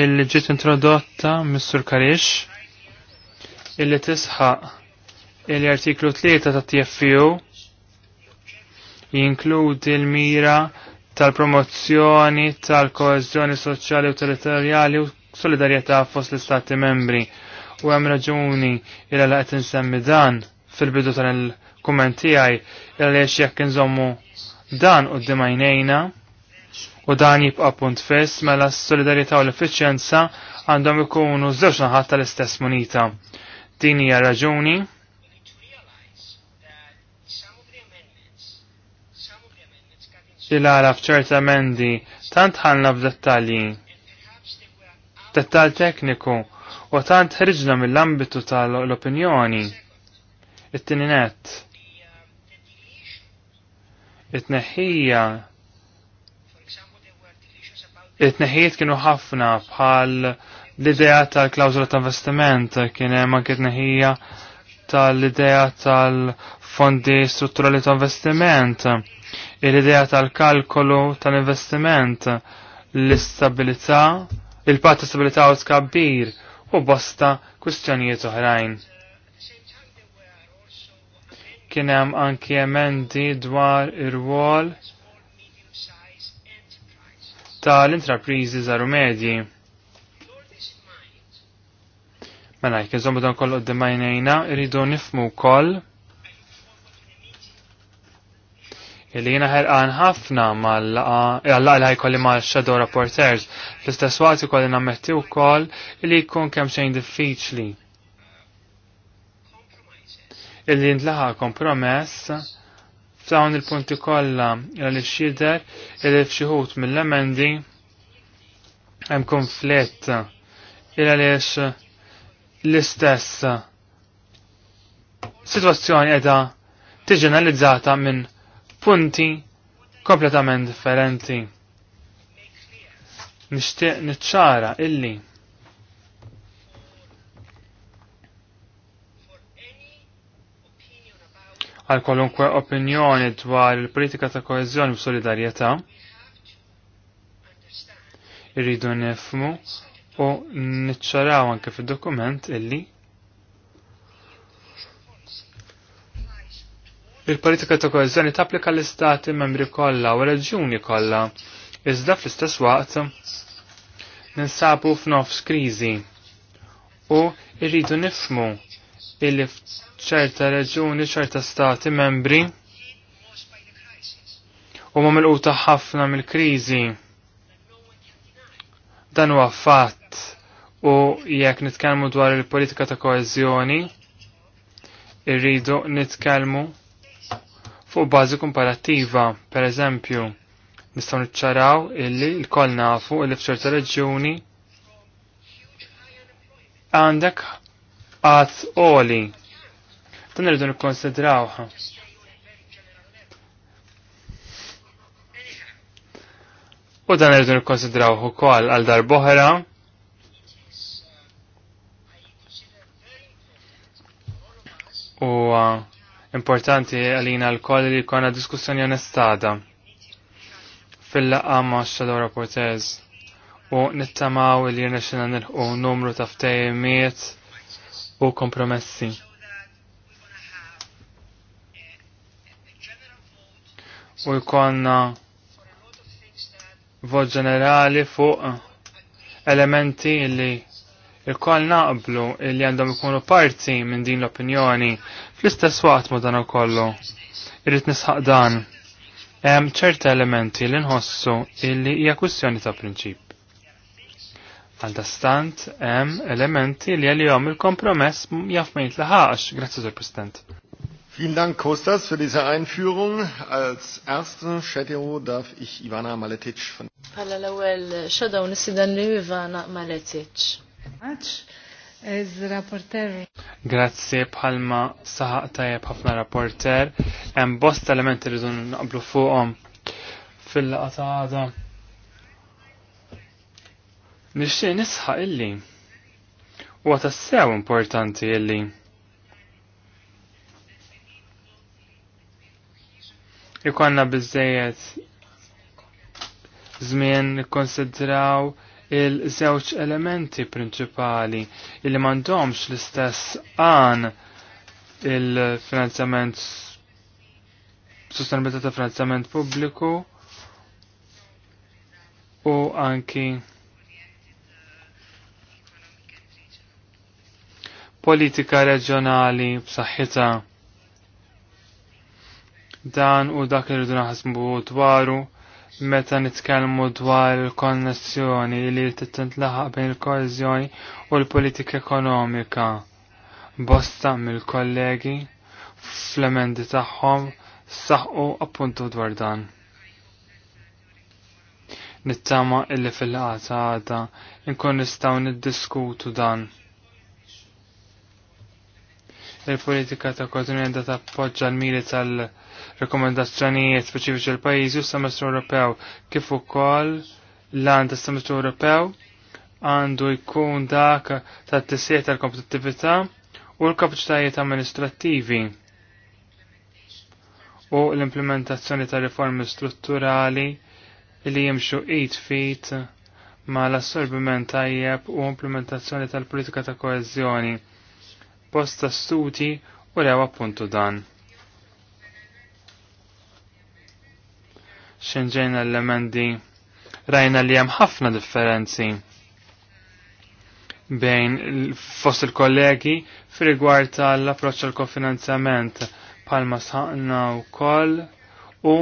illi ġiet introdotta Mr. Karix illi tisħaq l-artiklu 3 ta' TFU jinkludi l-mira tal-promozzjoni tal koezzjoni soċjali u territorjali u solidarjetà fost l-Istati membri. U hemm raġuni il qed insemmi dan fil-bidu tal-kumment tiegħi għaliex jekk inżommu dan u d-dimajnejna u dan jibqa' punt fess mela s-solidarjetà u l-effiċjenza għandhom ikunu żewġ naħat tal-istess munita. Din hija raġuni il-għala fċerta amendi tant ħalna f'dettalji, dettal tekniku, u tant ħriġna mill-ambitu tal-opinjoni. It-tininet, it-neħija, it-neħijiet kienu ħafna bħal l-idea tal-klawzula ta' investiment, kien hemm anke t-neħija tal-idea tal-fondi strutturali ta' investiment il-idea tal-kalkolu tal-investiment, l-istabilità, il-pat ta' stabilità u tkabbir u bosta kwistjonijiet oħrajn. Kien hemm anki emendi dwar ir-wol tal-intrapriżi zaru medji. Mela, jkien dan kollu d demajnejna rridu nifmu koll illi jina ħerqan ħafna mal-laqa li ħajkolli ma' shadow reporters fl-istess waqt ikolli nammetti wkoll illi jkun kemm xejn diffiċli. Illi jindlaħa kompromess f'dawn il-punti kollha li xjider illi f'xi mill-emendi hemm konflitt il għaliex l-istess situazzjoni edha tiġenalizzata minn punti kompletament differenti. Nixtieq niċċara illi għal kolunkwe opinjoni dwar il-politika ta' koezjoni u solidarjetà irridu nifmu u niċċaraw anke fid-dokument illi Il-politika ta' koeżjoni tapplika l-istati membri kollha u reġjuni kollha, iżda fl-istess waqt ninsabu f'nofs kriżi u rridu nifmu illi f'ċerta reġjuni ċerta stati membri u ma milquta ħafna mill-kriżi. Dan huwa fatt u jekk nitkellmu dwar il-politika ta' koeżjoni, irridu nitkellmu fuq bażi komparativa, per eżempju, nistgħu niċċaraw illi l-koll nafu illi f'ċerta reġjuni għandek qatt oli. Dan irridu nikkonsidrawha. U dan irridu nikkonsidrawh ukoll għal darb'oħra. U uh, Importanti għalina l-koll li kona diskussjoni onestada fil-laqqa ma' Shadow portez u nittamaw li jirnexina nilħu numru ta' u kompromessi. U jkonna vot ġenerali fuq elementi li il-koll naqblu li għandhom ikunu parti minn din l-opinjoni Fl-istess waqt ma dan ukollu irrid nisħaq dan, hemm ċerta elementi li nħossu illi hija kwistjoni ta' prinċip. Għaldastant hemm elementi li għalihom il-kompromess jaf ma jitlaħax, grazzi Sir President.
Vielen Dank, Kostas, für diese Einführung. Als erste Shadow darf ich Ivana Maletic von...
Pallalawel, l-ewel, Shadow nisidan li Ivana Maletic. Maletic rapporter
Grazie bħalma saħaq tajab ħafna rapporter. Hemm bosta elementi li dun naqblu fuqhom fil għada. Nixtieq nisħaq illi. Huwa tassew importanti illi. Ikonna biżejjed żmien nikkonsidraw il-żewġ elementi prinċipali li mandomx l-istess għan il-finanzjament sostenibilità ta' finanzjament pubbliku u anki politika reġjonali b'saħħitha dan u dak li rridu naħsbu dwaru meta nitkellmu dwar il konnessjoni li titlaħaq bejn il-koeżjoni u l-politika ekonomika. Bosta mill-kollegi fl-emendi tagħhom saħqu appuntu dwar dan. Nittama illi fil-qata għada inkun nistgħu niddiskutu dan. Il-politika ta' kontinenta ta' tappoġġa l-miri tal- rekomendazzjonijiet speċifiċi l pajjiżi u s semestru Ewropew kif ukoll l għand tas semestru Ewropew għandu jkun dak ta' t-tisiet tal-kompetittività u l-kapacitajiet amministrattivi u l-implementazzjoni ta' riformi strutturali li jimxu id fit ma l-assorbiment tajjeb u implementazzjoni tal-politika ta' koezjoni, posta studi u rewa appuntu dan. xinġejna l-emendi rajna li hemm ħafna differenzi bejn fost il-kollegi fil-rigward tal-approċċ għal kofinanzjament palma saqna u koll u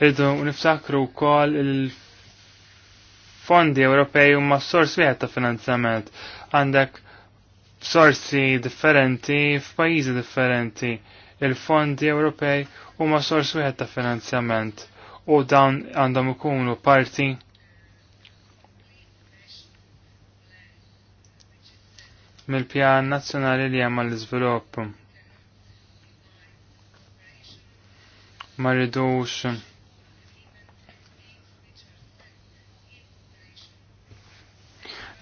rridu niftakru wkoll il-fondi Ewropej huma sors wieħed ta' finanzjament għandek sorsi differenti f'pajjiżi differenti il-fondi Ewropej huma sors wieħed ta' finanzjament u dawn għandhom ikunu parti mill-pjan nazzjonali li hemm għall-iżvilupp. Ma rridux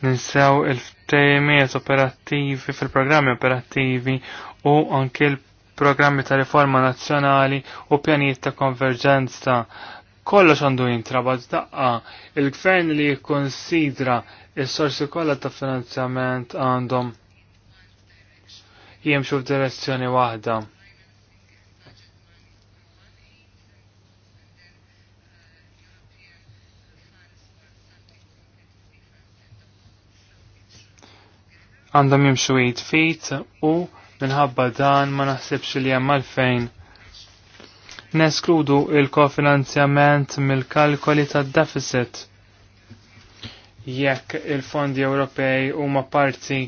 ninsew il-temiet operattivi fil-programmi operattivi u anke l programmi ta' riforma nazzjonali u pjanijiet ta' konverġenza. Kollox għandu jintrabad daqqa il-gvern li jikkonsidra il-sorsi kollha ta' finanzjament għandhom jimxu f'direzzjoni waħda. għandhom jimxu jitfit u minħabba dan ma naħsibx li hemm għalfejn. Neskludu il-kofinanzjament mill-kalkoli tad-deficit. Jekk il-fondi Ewropej huma parti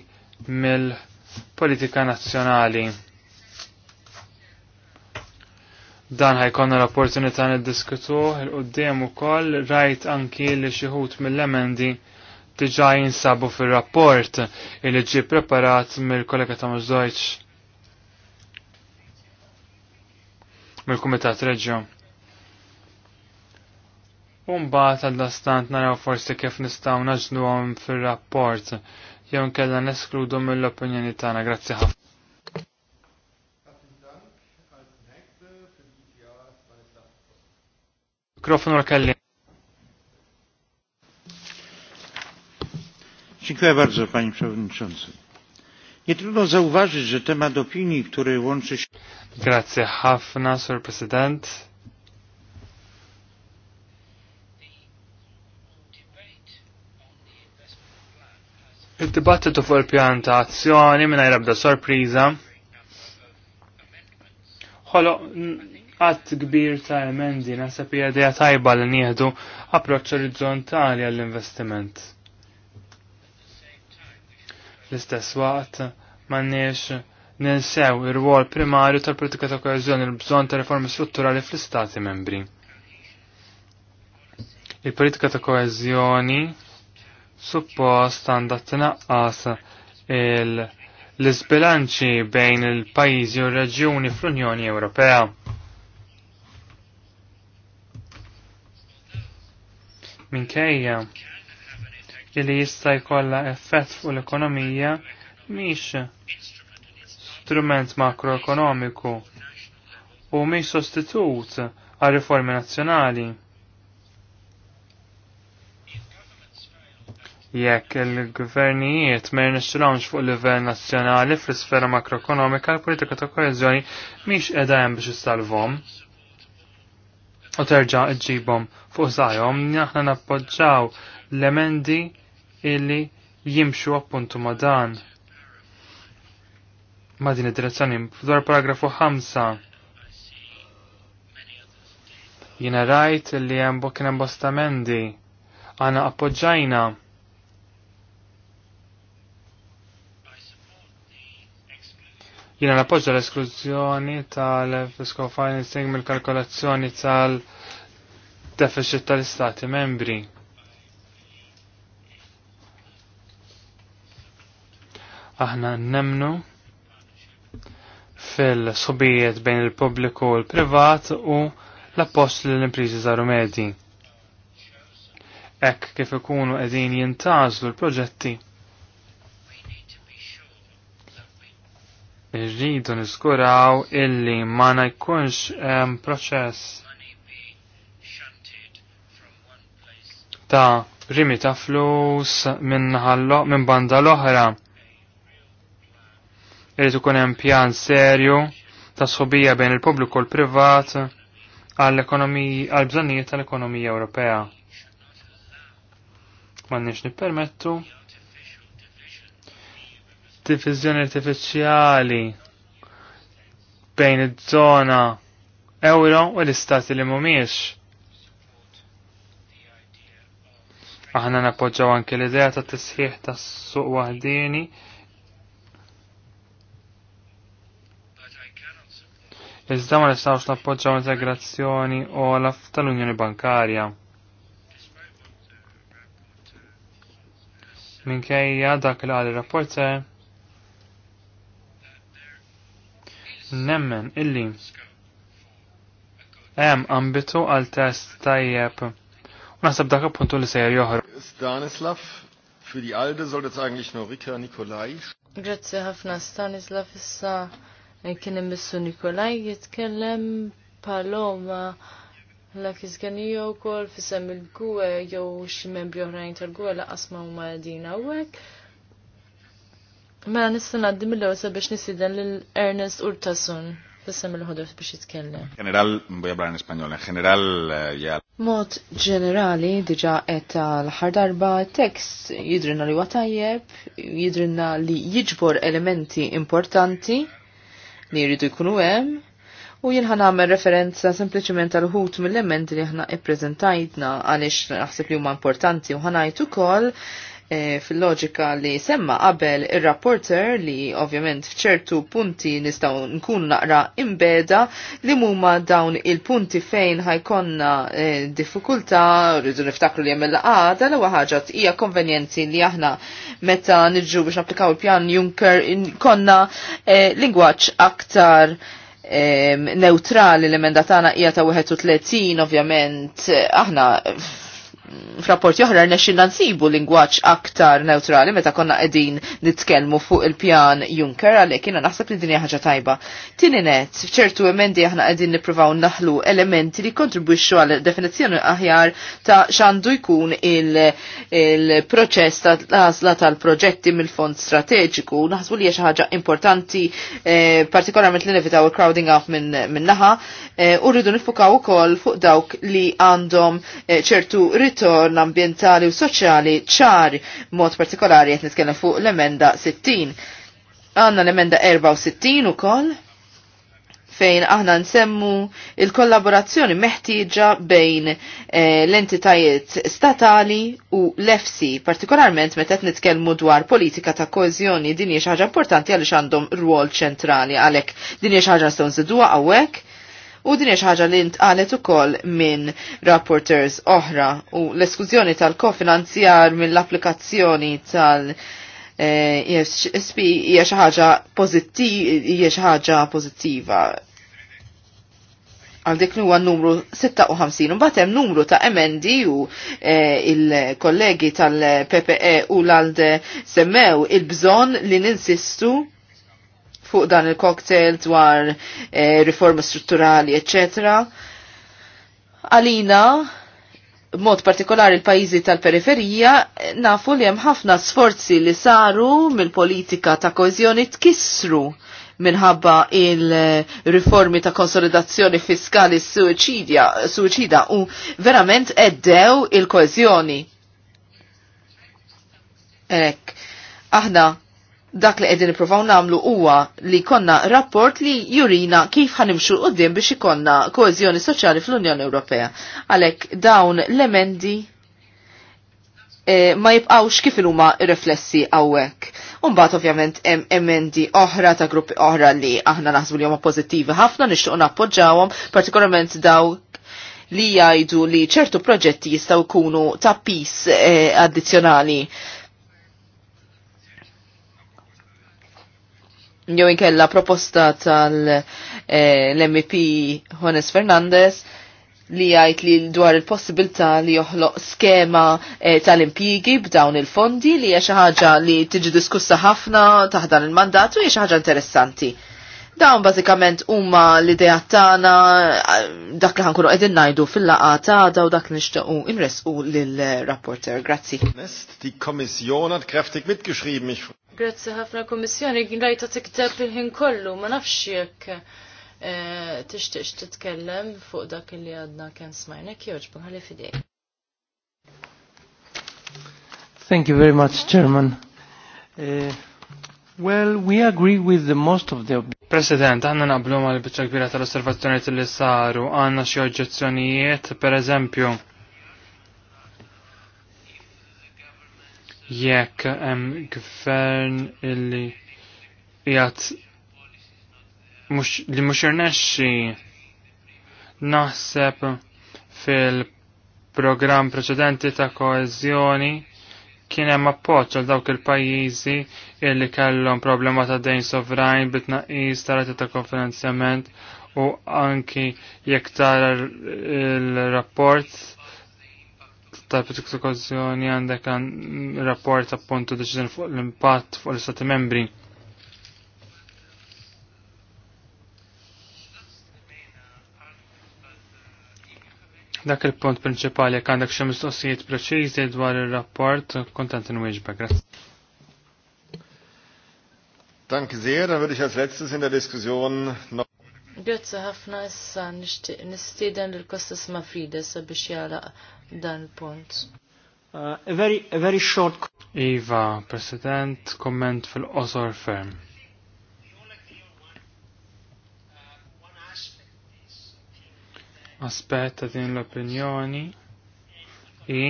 mill-politika nazzjonali. Dan ħajkonna l-opportunità niddiskutuh il-qoddim ukoll rajt anki li xi mill-emendi diġa jinsabu fil-rapport li ġie preparat mill-kollega ta' Deutsch mill-Kumitat Reġjo. Umbat għal-dastant naraw forsi kif nistaw naġnu għom fil-rapport, jew nkella neskludu mill-opinjoni tagħna. Grazzi ħafna. Mikrofonu l-kelli. Dziękuję bardzo, Panie Przewodniczący. Nie trudno zauważyć, że temat opinii, który łączy się... Grazie, Hafna, Sir President. Il-dibattitu fuq il-pjan ta' azzjoni minna rabda sorpriza. Ħolo, għat kbir ta' emendi nasab hija tajba l nieħdu approċċ orizzontali għall-investiment l istess waqt m'għandniex ninsew ir-rwol primarju tal-politika ta' koeżjoni l bżonn ta' riformi strutturali fl-istati membri. Il-politika ta' koeżjoni suppost għandha tinaqqas l-isbilanċi bejn il-pajjiżi u r-reġjuni fl-Unjoni Ewropea. minkejja li jista' jkollha effett fuq l-ekonomija mhix strument makroekonomiku u mhix sostitut għal riformi nazzjonali. Jekk il-gvernijiet ma jirnexxilhomx fuq livell nazzjonali fl-isfera makroekonomika, l-politika ta' koeżjoni mhix qiegħda hemm biex issalvhom u terġa' ġibom fuq żajhom aħna nappoġġaw l-emendi illi jimxu appuntu ma dan. Ma din id-direzzjoni, f'dwar paragrafu 5 jina rajt li jem bokin bastamendi għana appoġġajna jina nappoġġa l-esklużjoni tal-fiscal financing mill-kalkolazzjoni tal-deficit tal-istati membri. Aħna nemnu fil-sobijiet bejn il-pubbliku u l-privat u l-appost l-imprizi zaru medji. Ek kif ikunu edin jintazlu l-proġetti. Irridu niskuraw illi ma jkunx proċess ta' rimi ta' flus minn banda l-oħra Irrid ikun hemm pjan serju ta' sħobija bejn il-pubbliku u l-privat għall-ekonomiji għall-bżonnijiet tal-ekonomija Ewropea. M'għandniex nippermettu diviżjoni artifiċjali bejn iż-żona euro u l-istati li mhumiex. Aħna nappoġġaw anke l-idea ta' tisħiħ tas suq waħdini iżda ma nistgħux nappoġġaw integrazzjoni u laf tal-Unjoni Bankarja. Minkejja dak li għal rapporter nemmen illi hemm ambitu għal test tajjeb. U naħseb dak appuntu li sejjer joħor.
Stanislav, fil-għalde, Alde eigentlich nur Rika Nikolaj.
Grazzi ħafna Stanislav issa E, kien hemm missu Nikolaj jitkellem Paloma eh, Lakis Ganija wkoll fisem il-gwe jew xi membri oħrajn tal-gwe laqas ma huma qegħdin hawnhekk. Mela nista' ngħaddi mill-ewwel sabiex nisiden lil Ernest Urtasun fissem il-ħodor biex jitkellem.
General, mbuja bran Espanjol, general jgħal. Eh,
Mod
ġenerali, diġa etta l-ħar darba tekst jidrinna li watajjeb, jidrinna li jiġbor elementi importanti li jridu jkunu hemm u jien ħana għamel referenza sempliciment għal ħut mill-elementi li i ippreżentajtna għaliex naħseb li huma importanti u ħanajt ukoll Eh, fil-loġika li semma qabel ir-rapporter li ovvjament fċertu punti nistaw nkun naqra imbeda li mumma dawn il-punti fejn ħajkonna eh, diffikulta, rridu niftakru li jemmel għada l ħaġa hija konvenjenzi li aħna meta nidġu biex applikaw il-pjan Juncker konna eh, lingwaċ aktar eh, neutrali l-emenda tagħna hija ta' 31 ovvjament eh, aħna F'rapport oħra rnexxinna nsibu lingwaġġ aktar neutrali meta konna qegħdin nitkellmu fuq il-pjan Juncker għalhekk jiena naħseb li din hija ħaġa tajba. Tieni net, f'ċertu emendi aħna qegħdin nippruvaw naħlu elementi li kontribwixxu għal definizzjoni aħjar ta' x'għandu jkun il-proċess il ta' għażla tal-proġetti mill-fond strateġiku. Naħsbu li hija xi ħaġa importanti eh, partikolarment li nevitaw il-crowding up minn min naħa eh, u rridu nifukaw ukoll fuq dawk li għandhom eh, ċertu rit ritorn ambientali u soċjali ċar, mod partikolari qed nitkellem fuq l-emenda 60. Għanna l-emenda 64 ukoll fejn aħna nsemmu il-kollaborazzjoni meħtieġa bejn eh, l-entitajiet statali u l-EFSI, partikolarment meta qed nitkellmu dwar politika ta' kohezjoni din hija xi ħaġa importanti għaliex għandhom rwol ċentrali għalhekk din hija xi ħaġa nistgħu nsiduha hawnhekk U din hija ħaġa li ntqalet ukoll minn rapporters oħra u l-eskużjoni tal-kofinanzjar mill-applikazzjoni tal-, ESP eh, e hija xi ħaġa hija xi ħaġa pożittiva għal dik li huwa numru 56. Mbagħad hemm numru ta' MND u eh, e, il-kollegi tal-PPE u l-ALDE semmew il-bżonn li ninsistu fuq dan il-cocktail dwar eh, riforma strutturali, eccetera. Alina, mod partikolari l-pajizi tal-periferija, nafu li hemm ħafna sforzi li saru mill-politika ta' koezjoni tkissru minħabba il-riformi ta' konsolidazzjoni fiskali suicida u verament eddew il-koezjoni. Ek, aħna dak li qegħdin nippruvaw nagħmlu huwa li konna rapport li jurina kif ħanimxu qudiem biex ikonna koeżjoni soċjali fl-Unjoni Ewropea. Għalhekk dawn l-emendi e, ma jibqawx kif huma riflessi hawnhekk. Umbat ovvjament hemm emendi oħra ta' gruppi oħra li aħna naħsbu li huma pożittivi ħafna nixtieq nappoġġawhom, partikolarment daw li jgħidu li ċertu proġetti jistgħu jkunu ta' pis eh, addizzjonali jew inkella proposta tal-MP eh, Jones Fernandez li jgħid li dwar il-possibilità li joħloq skema eh, tal-impjigi b'dawn il-fondi li hija xi ħaġa li tiġi diskussa ħafna taħdan il-mandat u hija xi ħaġa interessanti. Dawn bażikament huma l-idea tagħna eh, dak li ħankunu qegħdin ngħidu fil-laqgħa tagħda u dak li nixtiequ inresqu lill-rapporter. Grazzi.
Die Kommission hat kräftig mitgeschrieben.
Grazzi ħafna għinrajta t-iktab il-ħin kollu, ma nafx jekk eh, t titkellem fuq dak li għadna kien smajna, kjoċ, ħalli f'idej.
Thank you very
much, Chairman.
Uh, well, we agree with the most of the... President, għanna nablu ma l-bicċa kbira tal-osservazzjoni li saru, għanna xie oġġezzjonijiet, per eżempju, jekk hemm gvern illi jgħat li mhux irnexxi naħseb fil-programm preċedenti ta' koezjoni kien hemm appoġġ għal dawk il-pajjiżi illi kellhom problema ta' dejn sovrajn bit-tnaqqis ta' rati ta' konfinanzjament u anki jekk tara il-rapport tal-protokollizjoni għandek għan rapport appuntu deċiżjoni fuq l-impatt fuq l-Istati membri. Dak il-punt prinċipali jekk għandek xi mistoqsijiet preċiżi dwar ir-rapport, kontent inwieġbek. Grazzi.
Dank sehr. Dann würde ich als letztes in der Diskussion noch
Grazzi ħafna issa nixtieq nistieden lil Kostas Mafrida sabiex jalaq dan il-punt.
Uh, a very, short Iva, President, komment fil-qosor ferm. Aspetta din l-opinjoni i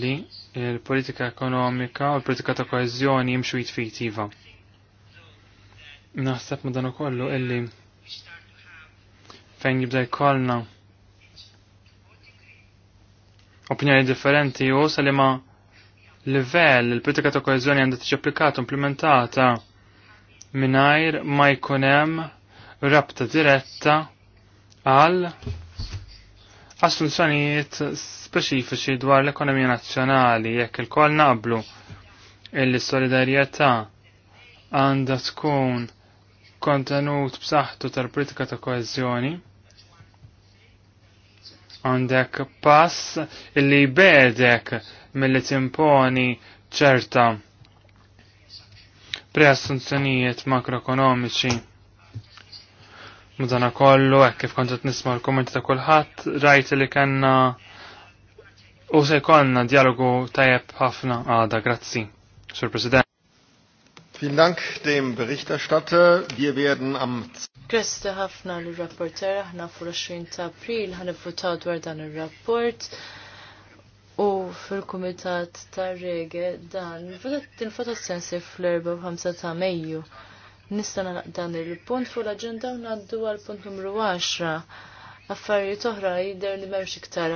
li il-politika ekonomika u l-politika ta' koezjoni jimxu jitfit, Iva. Naħseb ma dan u kollu illi fejn jibda jkollna opinjoni differenti u sa li ma livell il-politika ta' koezjoni għandha tiġi applikata implementata mingħajr ma jkun hemm rabta diretta għal assunzjonijiet speċifiċi dwar l-ekonomija nazzjonali jekk il-kol naqblu illi solidarjetà għandha tkun kontenut b'saħħtu tal-politika ta' koeżjoni. Għandek pass illi jbedek mill-li timponi ċerta preassunzjonijiet makroekonomiċi. Mudana kollu, hekk kif kontet nisma' l-kommenti ta' kulħadd, rajt li kellna u se jkollna dialogu tajjeb ħafna għada, grazzi, Sur President.
Vielen Dank dem Berichterstatter. Wir werden am
Gresta ħafna l-rapporter aħna fl-20 ta' April ħanivvutaw dwar dan ir-rapport u fil-Kumitat ta' Rege dan il-votat sensi fl-4 ta' Mejju. Nista' dan il-punt fuq l-aġenda u ngħaddu għal punt numru 10 affarijiet oħra jidher li m'hemmx iktar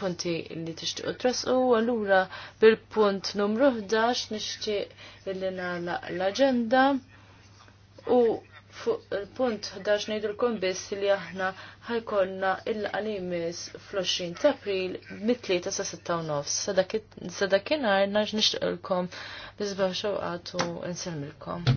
punti li tixtieq trasqu u allura bil-punt numru 11 nixtieq li nagħlaq l-aġenda u fuq il-punt 11 ngħidulkom biss li aħna ħajkollna il-qalimis fl-20 ta' April mit-3 sa' 6 nofs. Sa dakinhar naġ nixtieqilkom biżbaw xewqatu nsemmilkom.